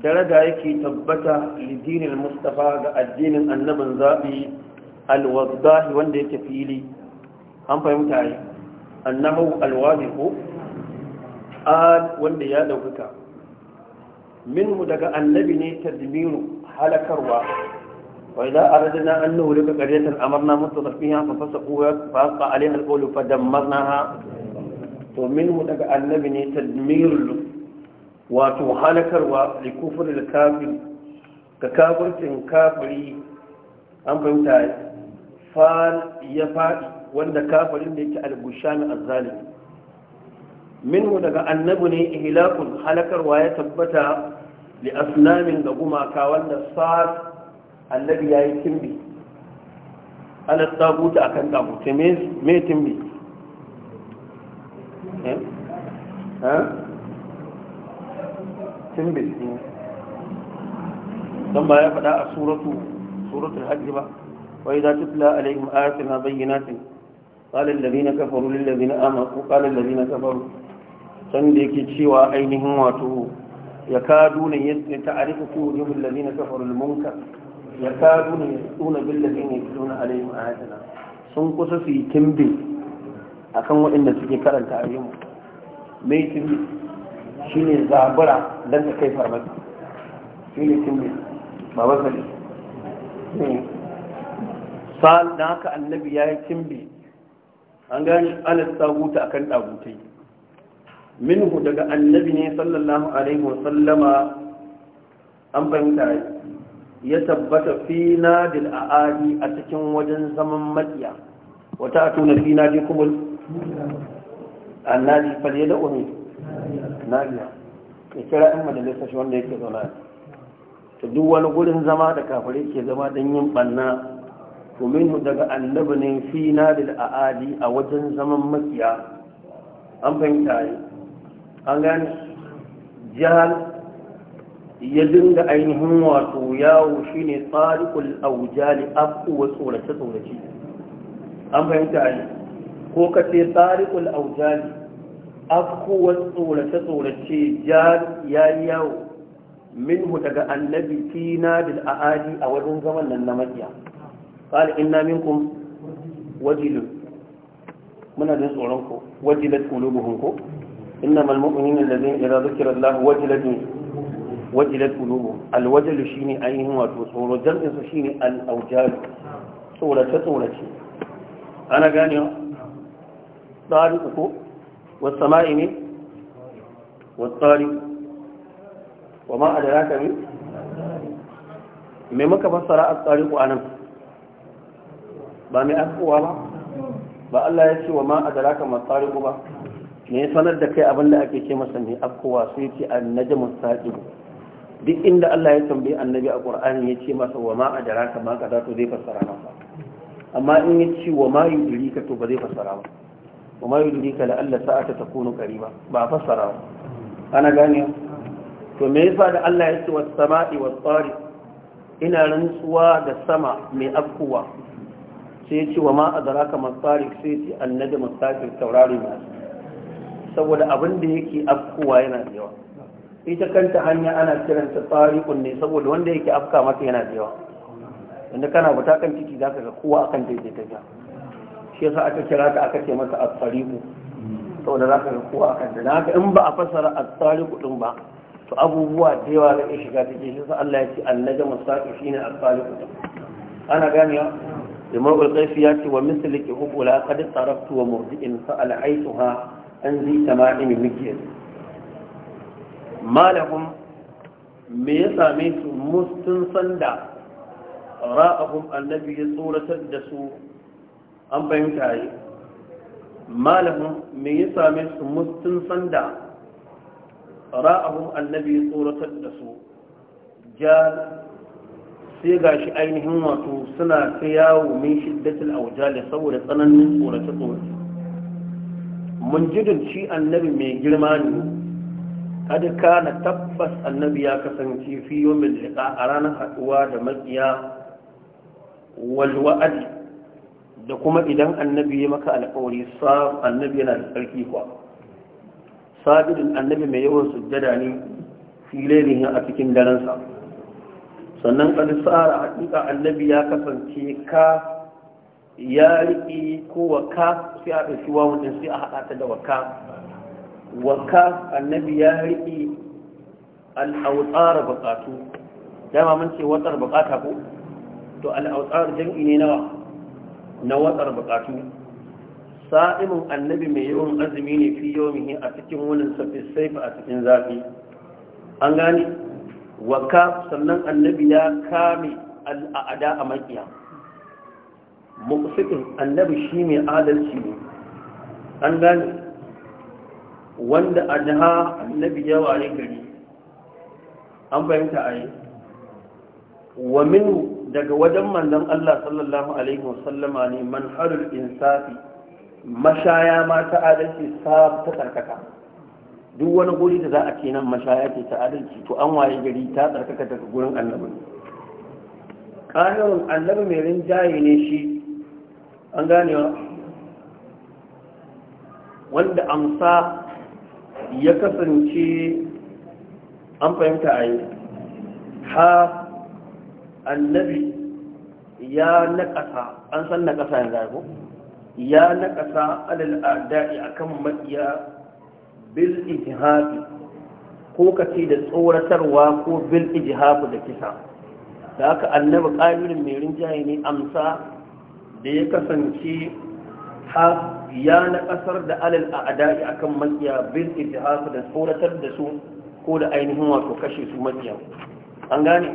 A: درجة يكي تبتا لدين المصطفى الدين النبن ذابي alwazdahi wanda yake fili an fahimta yi annahu alwazihu ad wanda ya daukuka minhu daga annabi ne tadbiru halakarwa wa idza aradna an nuhlika qaryatan amarna mutasaffihan fa fasaqu wa faqa alayha alqawlu fa dammarnaha to minhu daga annabi ne tadmiru wa to halakarwa li kufril kafir ka an fahimta ya faɗi wanda kafarin da yake al-gushami az-zalimi minhu daga annabi ne ihlakun halakarwa ya tabbata li asnamin ga gumaka wanda sa'ad annabi yayi timbi ala tabuta akan tabuta me me timbi eh ha timbi dan ba ya faɗa a suratu suratul hajj ba وإذا تتلى عليهم آياتنا بينات قال الذين كفروا للذين آمنوا قال الذين كفروا سندك تشوى أينهم واتوه يكادون تعرف وجوه الذين كفروا المنكر يكادون يسطون بالذين يتلون عليهم آياتنا سنقص في تنبي أكن وإن سكي كرن تعليم مي تنبي شيني زابرة لن تكيف رمك شيني تنبي ما وصل sa'an da haka annabi ya yi kimbi an gani alas taguta akan Min minhu daga annabi ne sallallahu alaihi wasallama an fahimta ya tabbata fi nadil a'adi a cikin wajen zaman matsiya wata a tuna fi nadi kuma a nadi falle da umi nadiya ya kira in majalisa shi wanda yake zauna ta duk wani gurin zama da kafirai ke zama don yin ɓanna. to daga annabi fi nadil aadi a wajen zaman makiya an fahimta ne an gane jihar ya dinga ainihin wato yawo shine tsarikul aujali abuwa tsorace-tsorace an fahimta ne ko ka ce tsarikul aujali abuwa tsorace-tsorace jihar ya yi yawo minhu daga annabi fi a wajen zaman nan na qala inna minkum wajilun muna jin tsoron ku wajilat qulubuhum ku innamal mu'minuna alladhina idza dhukira Allah wajilat wajilat qulubuhum alwajlu shine ainihin wato tsoro jam'in su shine al-awjal tsorace tsorace ana gane dari ku wasama'i ne wasari wa ma me muka fassara a tsari anan ba mai afkowa ba ba Allah ya ce wa ma a daraka matsariku ba ne sanar da kai abin da ake ce masa mai afkowa sai ce a annaji musaƙi duk inda Allah ya tambayi annabi a Qur'ani ya ce masa wa ma a daraka ma kaza to zai fassara masa amma in ya ce wa ma yudrika to ba zai fassara ba wa ma yudrika la alla sa'ata kunu qariba ba fassara ba ana gane to me yasa da Allah ya ce was sama'i wa tsari ina rantsuwa da sama mai afkuwa? sai ya ce wa ma a zara kamar tsarik sai ce annabi masafir taurari masu saboda abin da yake afkowa yana da yawa ita kanta hanya ana kiranta tsarikun ne saboda wanda yake afka mata yana da yawa inda kana buta kan ciki za ka ga kowa akan daidai yake ja shi yasa aka kira ta aka ce mata asariku saboda za ka ga kowa akan da haka in ba a fasara asariku din ba to abubuwa da yawa za iya shiga cikin shi yasa Allah ya ce annabi masafir shine asariku ana ganewa imam al-qayfi ya ce wa misliki hubula qad saraftu wa murdi'in fa ha an zi tama'imi mujiyar malahum me ya same su mustun sanda ra'ahum annabi ya tsoratar da su an fahimta yi malahum me ya same su mustun sanda ra'ahum annabi ya tsoratar da su jar sai ga shi ainihin wato suna ta yawo min shiddatul aujali saboda tsananin tsorace tsorace munjidin shi annabi mai girma ne kad na tabbas annabi ya kasance fi yawmil liqa a ranar haduwa da makiya wal wa'd da kuma idan annabi ya maka alƙawari sa annabi yana da tsarki kwa sabidin annabi mai yawan sujjada ne filelihin a cikin daren sa sannan kan tsara hakika annabi ya kasance ka ya riƙe ko waka sai a ɗauki wa ɗin sai a haɗa ta da waka waka annabi ya riƙe al'autsara buƙatu dama mun ce watsar buƙata ko to al'autsara jam'i ne nawa na watsar buƙatu sa'imin annabi mai yawan azumi ne fi yawmihi a cikin wunin safi saifa a cikin zafi an gane waka sannan annabi ya kame al'ada a makiya muqsitin annabi shi mai adalci ne an gane wanda adha annabi ya waye gari an bayyanta ayi wa minu daga wajen mandan Allah sallallahu alaihi wasallama ne manharul insafi mashaya ma ta adalci sa ta karkata duk wani guri da za a ce nan mashaya ce ta adalci to an waye gari ta tsarkaka daga gurin annabi ƙanurin annabi mai rinjaye ne shi an gane wa? wanda amsa ya kasance an fahimta a yi ha annabi ya naƙasa an san naƙasa yanzu ya naƙasa alal'adai kan maɗiya. bil ijhabi ko ka ce da tsoratarwa ko bil ijhabi da kisa da haka annabi ƙabilin mai rinjaye ne amsa da ya kasance ha ya na ƙasar da alal a adai akan makiya bil ijhabi da tsoratar da su ko da ainihin wato kashe su makiya an gane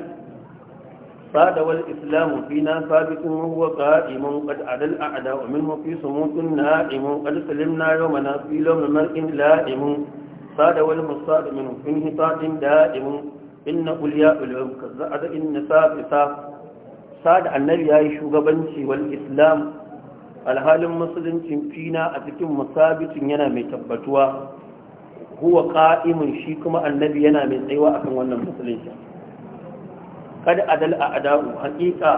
A: بعد والإسلام فينا ثابت وهو قائم قد عدا الأعداء منه في صموت نائم قد سلمنا يومنا في لوم مرء لائم صاد والمصاد منه في انهطاط دائم إن أولياء العلم كالزعد إن سابسا صاد النبي يا شغبنشي والإسلام الحال المسلم فينا أتكم مثابت ينا متبتوا هو قائم شيكما النبي ينا من أيوة أكم وانا مسلم kad adal a adahu haƙiƙa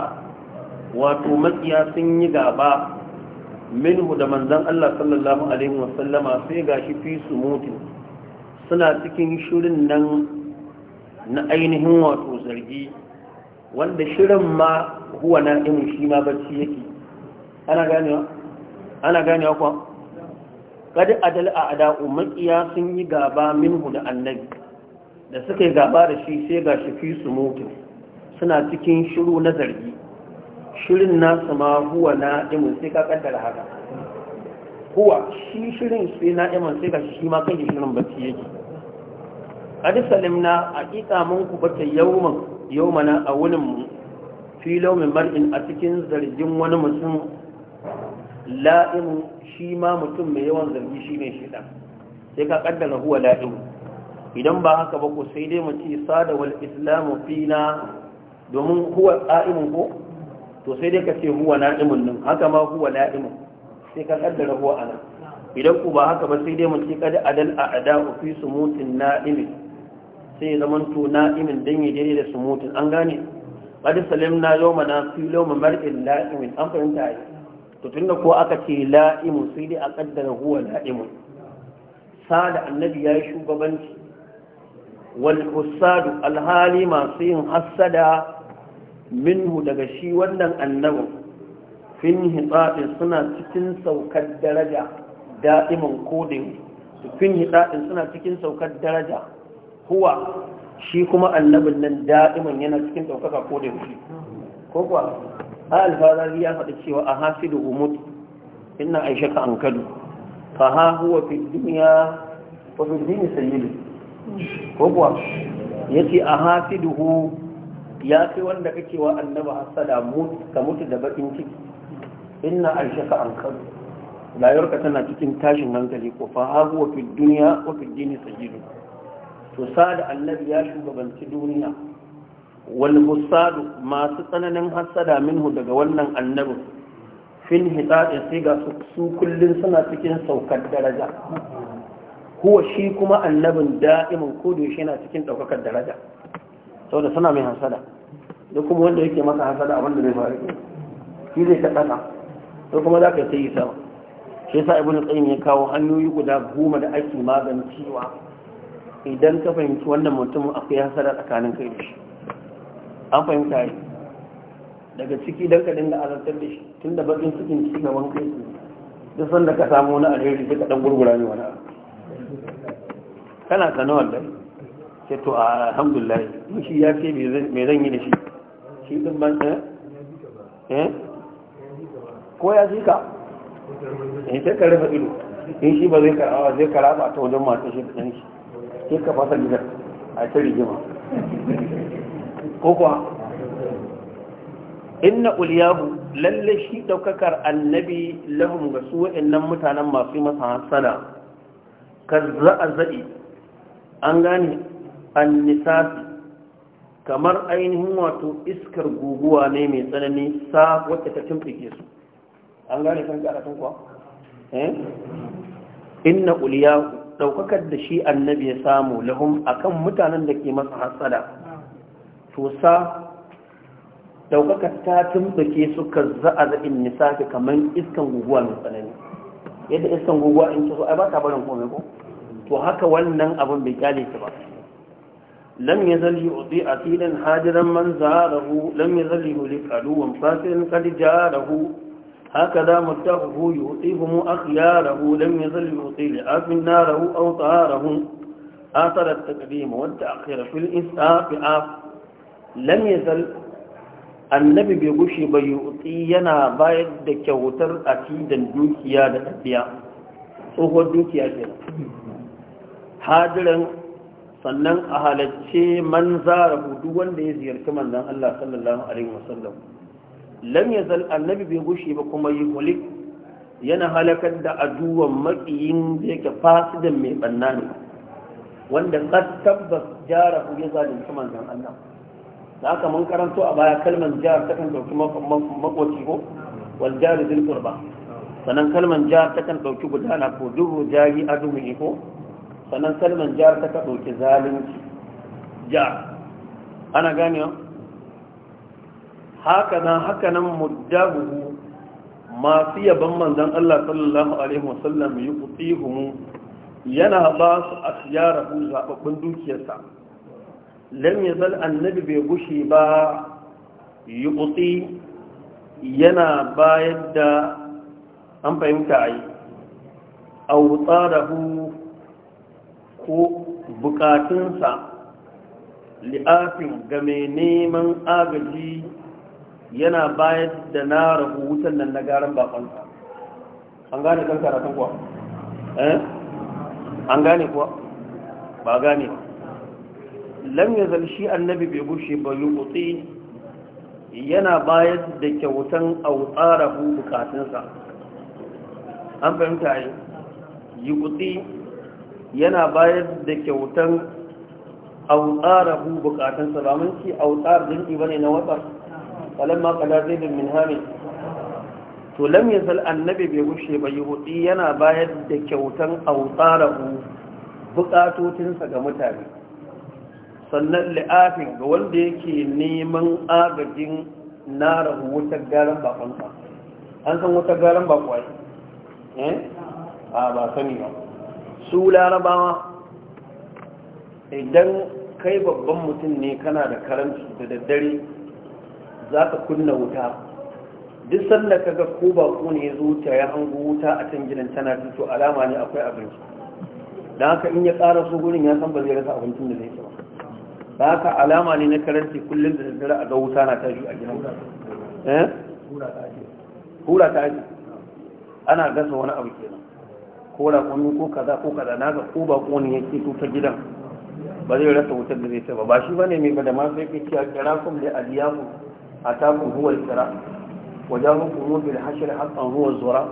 A: wato makiya sun yi gaba minhu da manzan Allah sallallahu alaihi wasallama sai gashi fi su mutu suna cikin shirin nan na ainihin wato zargi wanda shirin ma huwa na imu shi ma bacci yake ana ganewa ana ganewa kuwa kada adal a ada'u makiya sun yi gaba minhu da annabi da suka yi gaba da shi sai gashi fi su mutu suna cikin shiru na zargi shirin nasu ma huwa na imun sai ka kaddara haka huwa shi shirin sai na imun sai ka shi ma kan shirin bacci yake salim na aqiqa mun ku bata yawman yawmana a wurin mu fi mar'in a cikin zargin wani mutum la'imu shi ma mutum mai yawan zargi shi ne shida sai ka kaddara huwa la'imu. idan ba haka ba ku sai dai mu ci sada wal islamu fina domin huwa qa'imun ko to sai dai ka ce huwa na'imun nan haka ma huwa na'imun sai ka kaddara huwa nan. idan ku ba haka ba sai dai mun ce a adal a ada'u fi sumutin na'imin sai ya zama to na'imin dan ya daidai da sumutin an gane qad salimna yawma na fi yawma mar'in la'imin an fahimta ai to tunda ko aka ce la'imu sai dai a kaddara huwa na'imun. sa da annabi yayi shugabanci wal husadu alhali masu yin hassada minhu daga shi wannan annabin fin hitsaɗin suna cikin saukar daraja da'iman kodin fin hitsaɗin suna cikin saukar daraja huwa shi kuma annabin nan da'iman yana cikin saukaka kodin shi ko kuwa a alfazari ya faɗi cewa a hafi da umut ina aisha ka an kadu fa ha huwa fi duniya wa fi dini sayyidu ko kuwa yace a hafi duhu ya fi wanda kake wa annaba hasada ka mutu da bakin ciki inna arshaka an karu rayuwarka tana cikin tashin hankali ko fa hagu wa fi duniya wa fi dini sajidu to sada annabi ya shugabanci duniya wal husadu masu tsananin hasada minhu daga wannan annabin fil hitaɗin sai ga su kullum suna cikin saukar daraja huwa shi kuma annabin da'imin ko da yana cikin ɗaukakar daraja da suna mai hansada da kuma wanda yake masa hasada a wanda zai faru shi zai ta kasa da kuma za ka ta yi sama shi sa ibn qayyim ya kawo hanyoyi guda goma da ake magancewa idan ka fahimci wannan mutumin akwai hasada tsakanin kai da shi an fahimta yi daga ciki don ka dinga azantar da shi tun da bakin cikin ci gaban kai duk sanda ka samu wani alheri sai ka dan gurgura ne wani kana sanawar da ce to ah, alhamdulillah shi ya ce me zan yi da shi shi ɗin ban eh? eh ko ya ji ka in eh, sai ka rufe ido in shi ba zai karawa zai karaba ta wajen masu shi ɗan shi sai ka fasa gidan a ta rigima ko kuwa in na uliyahu lalle shi daukakar annabi lahum ga su wa'annan mutanen masu masa hasana ka za'a za'i an gane an nisafi kamar ainihin wato iskar guguwa ne mai tsanani sa wacce ta tumfike su an gane kan karatun kuwa eh inna uliya daukakar da shi annabi ya samu lahum akan mutanen da ke masa hasada to sa daukakar ta tumfike su ka za'azabin nisafi kamar iskan guguwa mai tsanani yadda iskan guguwa in ci so ai ba ta barin komai ko to haka wannan abun bai kyale ki ba لم يزل يعطي أكيلا حاجرا من زاره لم يزل يهلك عدوا فاسدا قد جاره هكذا متقه يعطيهم أخياره لم يزل يعطي لآف ناره أو طاره آثر التقديم والتأخير في الإسعاف عاف لم يزل annabi bai gushe ba yutsi yana bayar da kyautar akidan dukiya da tafiya tsohon dukiya ke hadiran sannan a halarce man zara hudu wanda ya ziyarci manzan Allah sallallahu alaihi wasallam lam zal annabi bai gushe ba kuma yi hulik yana halakar da aduwan makiyin da yake fasidan mai banna ne wanda kad tabbas jara ku ya zalunci manzan Allah da ka mun karanto a baya kalmar jar ta kan dauki makwaci ko wal jar zil qurba sannan kalmar jar ta kan dauki gudana ko duhu jari adu mai ko sannan kalman jar ta ɗauki zalunci jar ana gane haka nan haka nan muddabuhu masu yaban manzan Allah sallallahu alaihi wasallam yi yana ba su a hu zaɓaɓɓun dukiyarsa lam yazal annabi bai gushi ba yi yana bayar da an fahimta a yi a wutsa da hu ko bukatunsa li'afin ga mai neman agaji yana bayar da na rabu wutan nan na garin bakonsa an gane kan karatun kuwa eh an gane kuwa ba gane ba lam ya zalshi annabi bai gushe ba yi yana bayar da kyautan autsarahu bukatunsa an fahimta yi yi yana bayar da kyautan autsarahu bukatansa ba mun ci autsar jinki bane na watsar falamma zai bin min hamil to lam yazal annabi bai gushe ba yahudi yana bayar da kyautan autsarahu bukatotinsa ga mutane sannan li'afin ga wanda yake neman agajin na rahu wutar garan bakonsa an san wutar garan bakwai eh a ah, ba sani ba su larabawa idan kai babban mutum ne kana da karanci da daddare za ka kunna wuta duk sanda ka ga ko baƙo ne zuciya ya hango wuta a can gidan tana tuto alama ne akwai abinci don haka in ya tsara su gurin ya san ba zai rasa abincin da zai ci ba haka alama ne na karanci kullum da daddare a ga wuta na tashi a gidan eh? hura ta ana gasa wani abu kenan ko raƙumi ko kaza ko kaza na ga ko ba ko ya yake tuta gidan ba zai rasa wutar da zai ci ba ba shi bane mai bada ma sai ke cewa kira kun da aliyaku ataku huwa al-kira wajahu qulub al-hashr haqqan huwa zura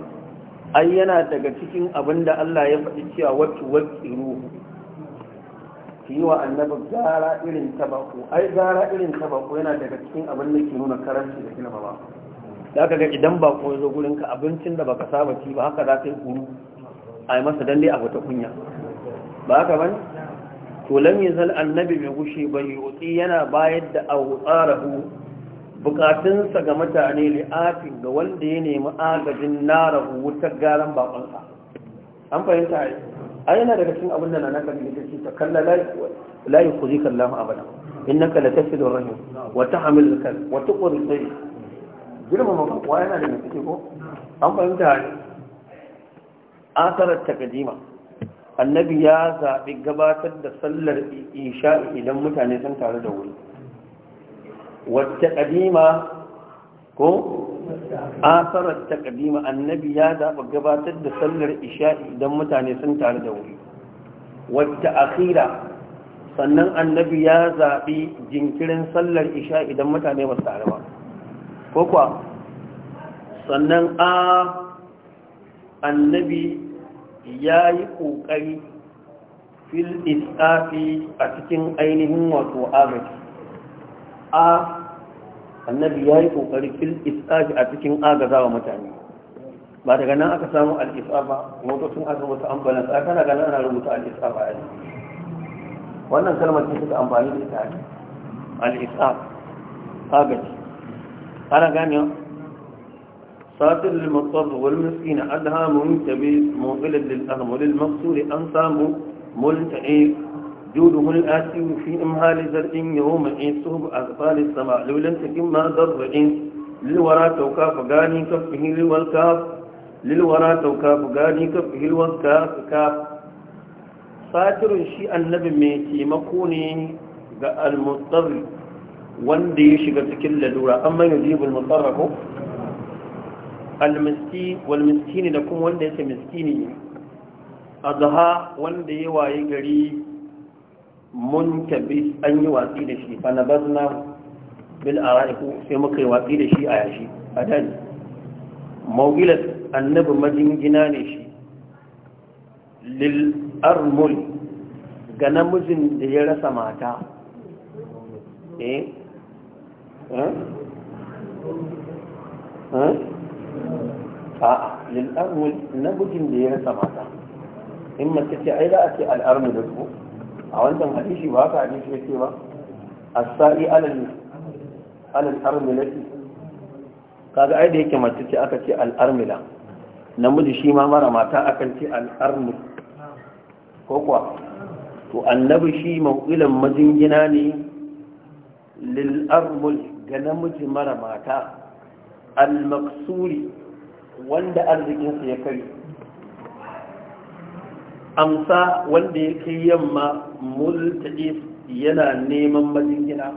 A: ai yana daga cikin abin da Allah ya faɗi cewa wacce wacce ruhu ki wa annabi gara irin tabaku ai gara irin tabaku yana daga cikin abin da ke nuna karanci da kina ba da ka ga idan ba ko ya zo gurinka abincin da baka saba ci ba haka za ka yi kuru a yi masa dalle a wata kunya ba haka ba to lam yazal annabi mai gushe ba yuti yana bayar da abu tsarahu bukatunsa ga mutane li'afi ga wanda ya nemi agajin narahu wutar garan bakonsa an fahimta yi. ai yana daga cikin abin da na naka ne take ta kalla la yukhzika Allah abada innaka latasidu rahim wa tahmil kal wa tuqri sai girma ma wa yana da cikin ko an fahimta yi. asarar takadima annabi ya zaɓi gabatar da sallar isha idan mutane sun taru da wuri wata ƙadima ko asarar ta ƙadima annabi ya zaɓi gabatar da sallar isha idan mutane sun taru da wuri wata akira sannan annabi ya zaɓi jinkirin sallar isha idan mutane ba tare taru ba ko kuwa sannan a annabi ya yi ƙoƙari fil isafi a cikin ainihin wato agaji a annabi ya yi ƙoƙari fil isafi a cikin agazawa mutane ba daga nan aka samu al'isafa motocin aka rubuta ambulance a kana ganin ana rubuta al'isafa a yanzu wannan kalmar ce suka amfani da ita al'isaf agaji ana ganewa ساتر للمضطر والمسكين أدهى منتبه موئلا للأهم وللمقصور أنسام ملتعيك جوده الآتي في إمهال زرع يوم عيسه بأغفال السماء لولا تكن ما ذر للورى توكاف غاني كفه للوالكاف للورى توكاف غاني كفه للوالكاف كاف ساتر شيء النبي ميتي مكوني المضطر wanda ya shiga cikin lalura amma yajibul mutarrafu almiski walmiskini da kuma wanda yake miskini ne azha wanda ya waye gari mun muntabis an yi watsi da shi fa nabazna bil ara'iku sai muka yi watsi da shi a yashi a dani mawgilat annabi majingina ne shi lil armul ga namijin da ya rasa mata eh eh eh a'a lil'arwul namijin da ya rasa mata in mace ce ai za a ce al'armu da su a wancan hadisi ba haka hadisi ya ce ba A sai alal alal armilati kaga ai da yake mace ce aka ce al'armila namiji shi ma mara mata akan ce al'armu ko kuwa to annabi shi mawqilan majingina ne lil'armul ga namiji mara mata al-maksuri wanda arzikinsa ya kari amsa wanda ya kai yamma multaif yana neman majingina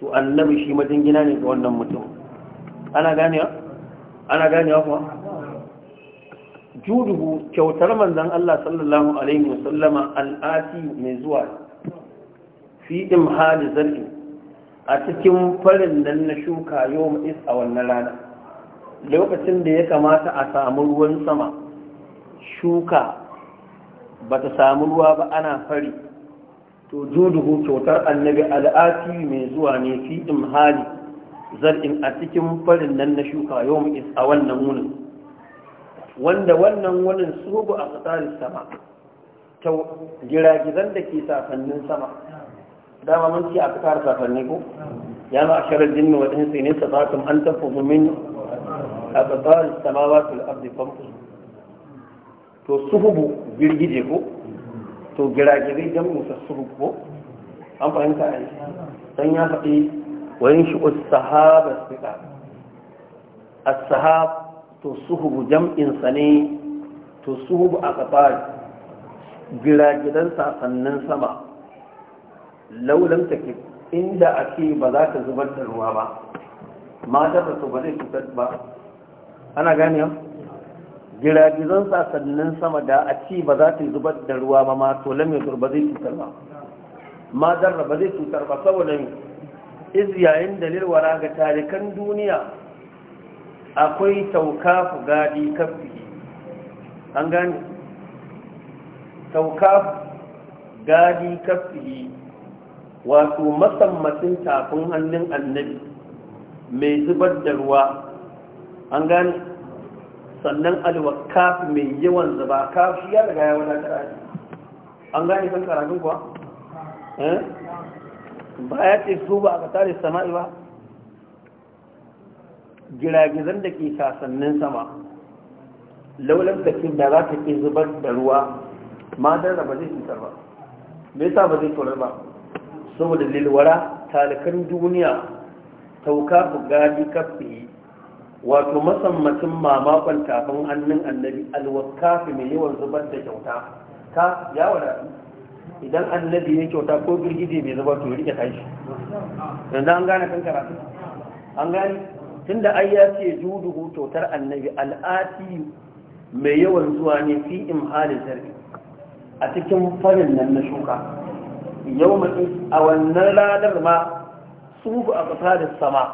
A: to annabi shi majingina ne ga wannan mutum ana ganewa ana ganewa kuma juduhu kyautar manzon Allah sallallahu alaihi wasallama al'ati mai zuwa fi imhali zar'i a cikin farin nan na shuka yau ma'is a wannan rana lokacin da ya kamata a samu ruwan sama shuka ba ta samu ruwa ba ana fari to juduhu cutar annabi al'afi mai zuwa ne fi imhali zar'in a cikin farin nan na shuka yau ma'is a wannan wunin wanda wannan wunin su a tsarin sama ta giragizan da ke safannin sama dama mun ci a tsakar safanni ko ya ma asharar jinni wa ɗin ne sabatun an tafi min a samawati al ardi al'abdi to suhubu girgije ko to giragirai don musa suhubu ko an fahimta a yi don ya faɗi wani shi sahaba suka as-sahab to suhubu jam'insa ne to suhubu a tsakarar gidan sasannin sama laulan take inda ake ba za ta zubar da ruwa ba mata da su ba zai cutar ba ana gane yau giragizan sasannin sama da a ci ba za ta zubar da ruwa ba ma to lam yasur ba zai cutar ba ma zarra ba zai cutar ba saboda mi iz yayin dalil wara ga tarikan duniya akwai taukafu gadi kafi an gane taukafu gadi kafi wato masammacin tafin hannun annabi mai zubar da ruwa an gane sannan alwakaf mai yawan zuba shi ya daga ya wadatar aji an gane kan karatun kuwa? Eh? ba ya ce su ba a katarin sama'i ba giragizan da ke sasannin sama laulan ke da za ta ke zubar da ruwa ma dan raba zai cutar ba me sa ba zai cutar ba saboda lilwara talakan duniya tauka ku gadi kafi wato masammacin mamakon tafin hannun annabi alwakafi mai yawan zubar da kyauta ka ya wadatu idan annabi ya kyauta ko girgije mai zubar to rike kai shi yanzu an gane kan karatu an gane tunda ai ya ce judu kyautar annabi al'ati mai yawan zuwa ne fi imhalin sarki a cikin farin nan na shuka yau a wannan ranar ma su a ƙasa da sama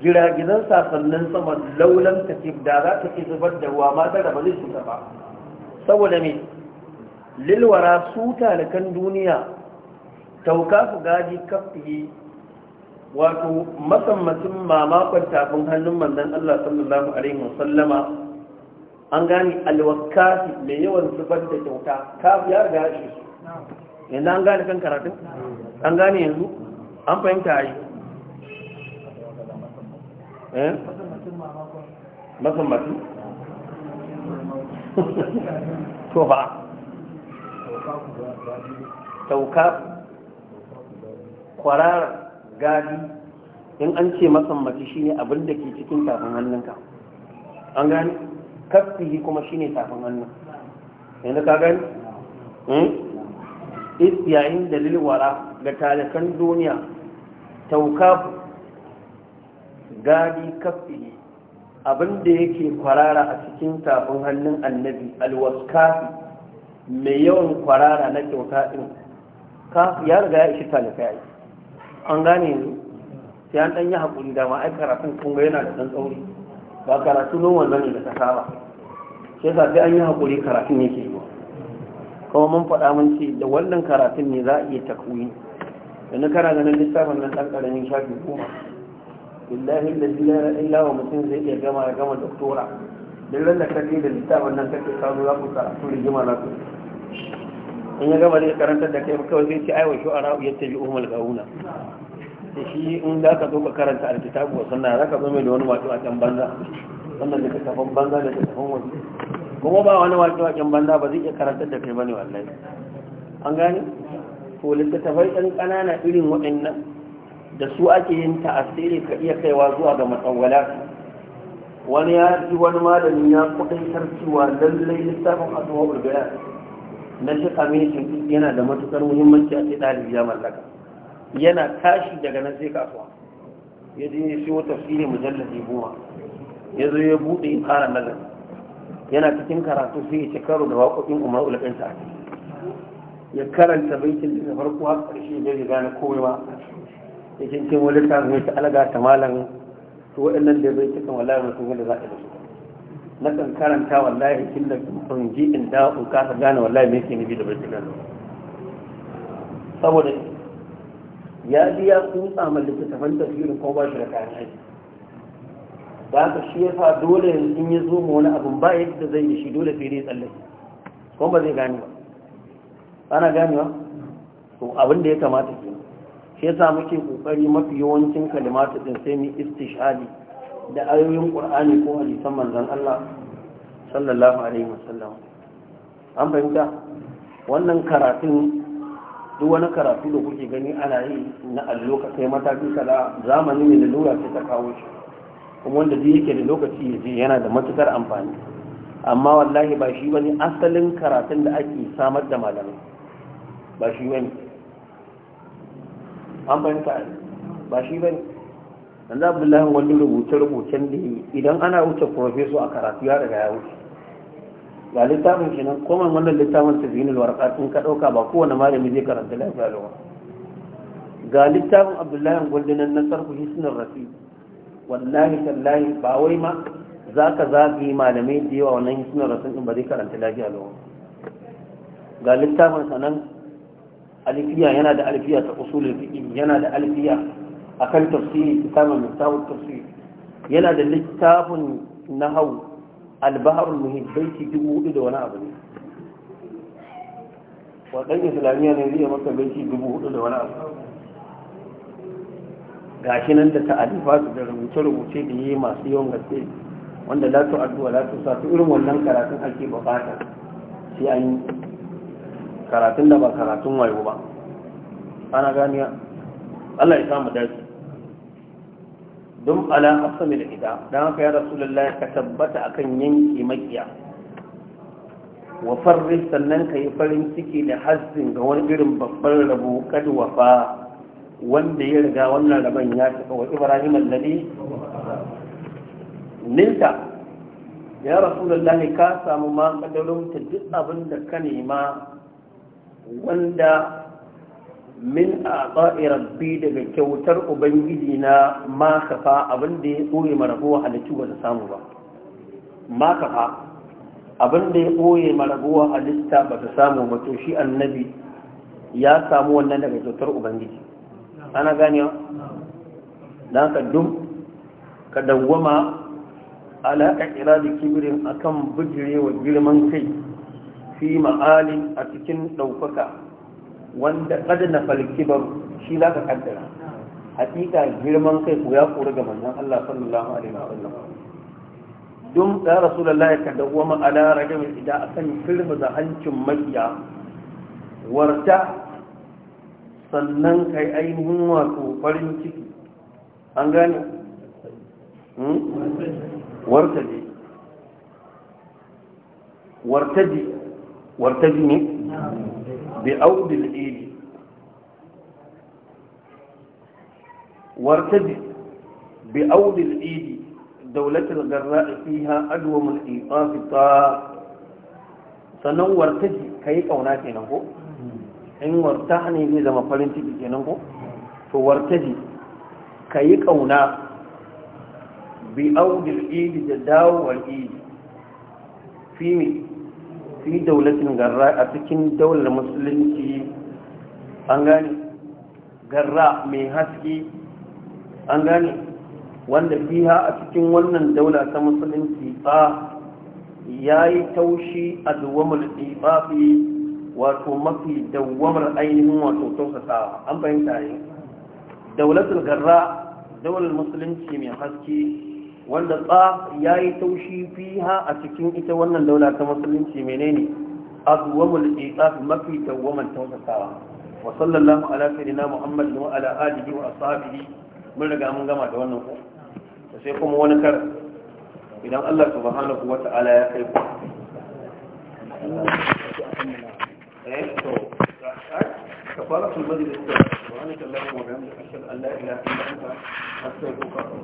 A: giraginan sasannin sama laulan takif da za ta ke zubar da ruwa mata da ba zai su ba saboda me lilwara su talakan duniya tauka su gaji kafi wato masammacin mamakon tafin hannun mandan Allah sallallahu alaihi wasallama an gani alwakasi mai yawan zubar da kyauta kaf ya gaji su yanzu an gane kan karatun an gane yanzu an fahimta yi eh? masammatu to ba tauka kwarara gadi in an ce masammaci shine abinda ke cikin tafin hannunka an gani kafin kuma shine tafin hannun yanzu ka gani eh? yayin dalilin wara ga talikan duniya tauka gadi kafi abinda yake kwarara a cikin tafin hannun annabi alwaskafi mai yawan kwarara na kyauta ɗin kafi ya riga ya ishi yi. an gane yanzu sai an ɗan yi haƙuri da ma'ai karatun kunga yana da ɗan tsauri ba karatu noman wannan da ta saba sai sa sai an yi haƙuri karatun yake kuma mun faɗa mun ce da wannan karatun ne za a iya takwini da na kana ganin littafin nan ɗan ƙaramin shafi goma billahi da zila illa wa mutum zai iya gama ya gama doktora duk da kake da littafin nan kake kawo za ku karatu rigima za ku in ya gama zai karantar da kai kawai zai ce ai wa shu'ara ya tabi umul gauna da shi in za ka zo ka karanta alkitabu wa sunna za ka zo mai da wani wato a can banza wannan da ka banza da ka waje kuma ba wani waƙe-waƙen banza ba zai iya karantar da kai ba ne wallahi an gane to littattafai ɗan ƙanana irin waɗannan da su ake yin ta'asiri ka iya kaiwa zuwa ga matsawala wani ya ji wani malami ya kuɗaitar cewa lallai littafin asuwa ulgaya na shi kamishin yana da matukar muhimmanci a ce ɗalibi ya mallaka yana tashi daga nan sai kasuwa ya je ya tafsirin mujallabi goma ya zo ya buɗe ya fara nazari yana cikin karatu sai ya ci karo da waƙoƙin umar ulƙanta ya karanta baitin da farko har ƙarshe bai riga gane komai ba ya cikin wani tarihi ta alaga ta malam to waɗannan da bai cikin wallahi sun wanda za a da su na kan karanta wallahi kin da ban ji in da ku kasa gane wallahi me yake nufi da bai cikin saboda ya biya ya kutsa mallaka tafan tafsirin ko ba shi da kayan aiki da haka shi sa dole in ya zo wani abin ba yadda zai yi shi dole sai dai tsallake kuma ba zai gane ba ana ba to abin da ya kamata ke shi yasa muke kokari mafi yawancin kalimatu din sai mu istishhadi da ayoyin qur'ani ko hadisan manzon Allah sallallahu alaihi wasallam an fahimta wannan karatun duk wani karatu da kuke gani ana yi na allo ka kai mataki kaza zamanin ne da lura ta kawo shi kuma wanda zai yake da lokaci ya je yana da matukar amfani amma wallahi ba shi wani asalin karatun da ake samar da malamai ba shi wani an fahimta ba shi wani yanzu abdullahi wani rubuce-rubucen da idan ana wuce profeso a karatu ya daga ya wuce ga littafin shi nan kuma wannan littafin ta zini warka in ka ɗauka ba kowane malami zai karanta lafiya lawa ga littafin abdullahi gwaldinan na sarku hisnin rafi wallahi tallahi ba wai ma za ka zagi malamai da yawa wannan hisunan rasul ɗin ba zai karanta lafiya da wani ga littafin sanan alfiya yana da alfiya ta usulul fiqh yana da alfiya a akan tafsiri kitabun mustawid tafsir yana da littafin na hau bahr al-muhit baiti dubu da wani abu ne wadan islamiyya ne zai maka baiti dubu da wani abu gashi nan da su da rubuce-rubuce da yi masu yawan gaske wanda la su addu'a la su irin wannan karatun ake bukata sai an yi karatun da ba karatun wayo ba ana ganiya Allah ya samu dace dum ala asami da ida dan haka ya rasulullahi ka tabbata akan yanki makiya wa farri sannan ka yi farin ciki da hazzin ga wani irin babban rabo kad wafa wanda ya riga wannan rabon ya tafi wa ibrahim alladhi ninta ya rasulullahi ka samu ma kadarin ta duk abin da ka nema wanda min a'ta'i rabbi daga kyautar ubangiji na ma kafa abin da ya tsoye marabuwa halittu ba ta samu ba ma kafa abin da ya tsoye marabuwa halitta ba ta samu ba to shi annabi ya samu wannan daga kyautar ubangiji ana ganewa da ka duk ka dawwama alaƙa ƙira da kibirin akan bijirewa girman kai fi ma'alin a cikin ɗaukaka wanda ƙada na falkibar shi za ka ƙaddara hakika girman kai ko ya kori ga manzon Allah sallallahu alaihi wa sallam da rasulullah ka dawwama ala ida idan akan firma da hancin makiya warta sannan kai ainihin wato farin ciki an gane wartaji wartaji wartaji ne bi audil ili wartaji bi audil ili دولة الغراء فيها sannan wartaji ka yi kauna ke أوناتي ko? in warta ne zai zama farin ciki kenan ko to wartaji ka yi ƙauna bi audil idi da dawowar idi fi mi fi daulatin garra a cikin daular musulunci an gane garra mai haske an gane wanda fiha a cikin wannan daula ta musulunci ba ya yi taushi a duwamul ɗiɓafi wato mafi dawwamar ainihin wato tausasawa an fahimta ne daulatul garra daular musulunci mai haske wanda tsa ya yi taushi fiha a cikin ita wannan daula ta musulunci menene azuwamul itsaf mafi dawwamar tausasawa wa sallallahu ala sayyidina muhammad wa ala alihi wa ashabihi mun riga mun gama da wannan ko sai kuma wani kar idan Allah subhanahu wa ta'ala ya kai ku كفارة المجلس سبحانك اللهم وبحمدك أشهد أن لا إله إلا أنت أستغفرك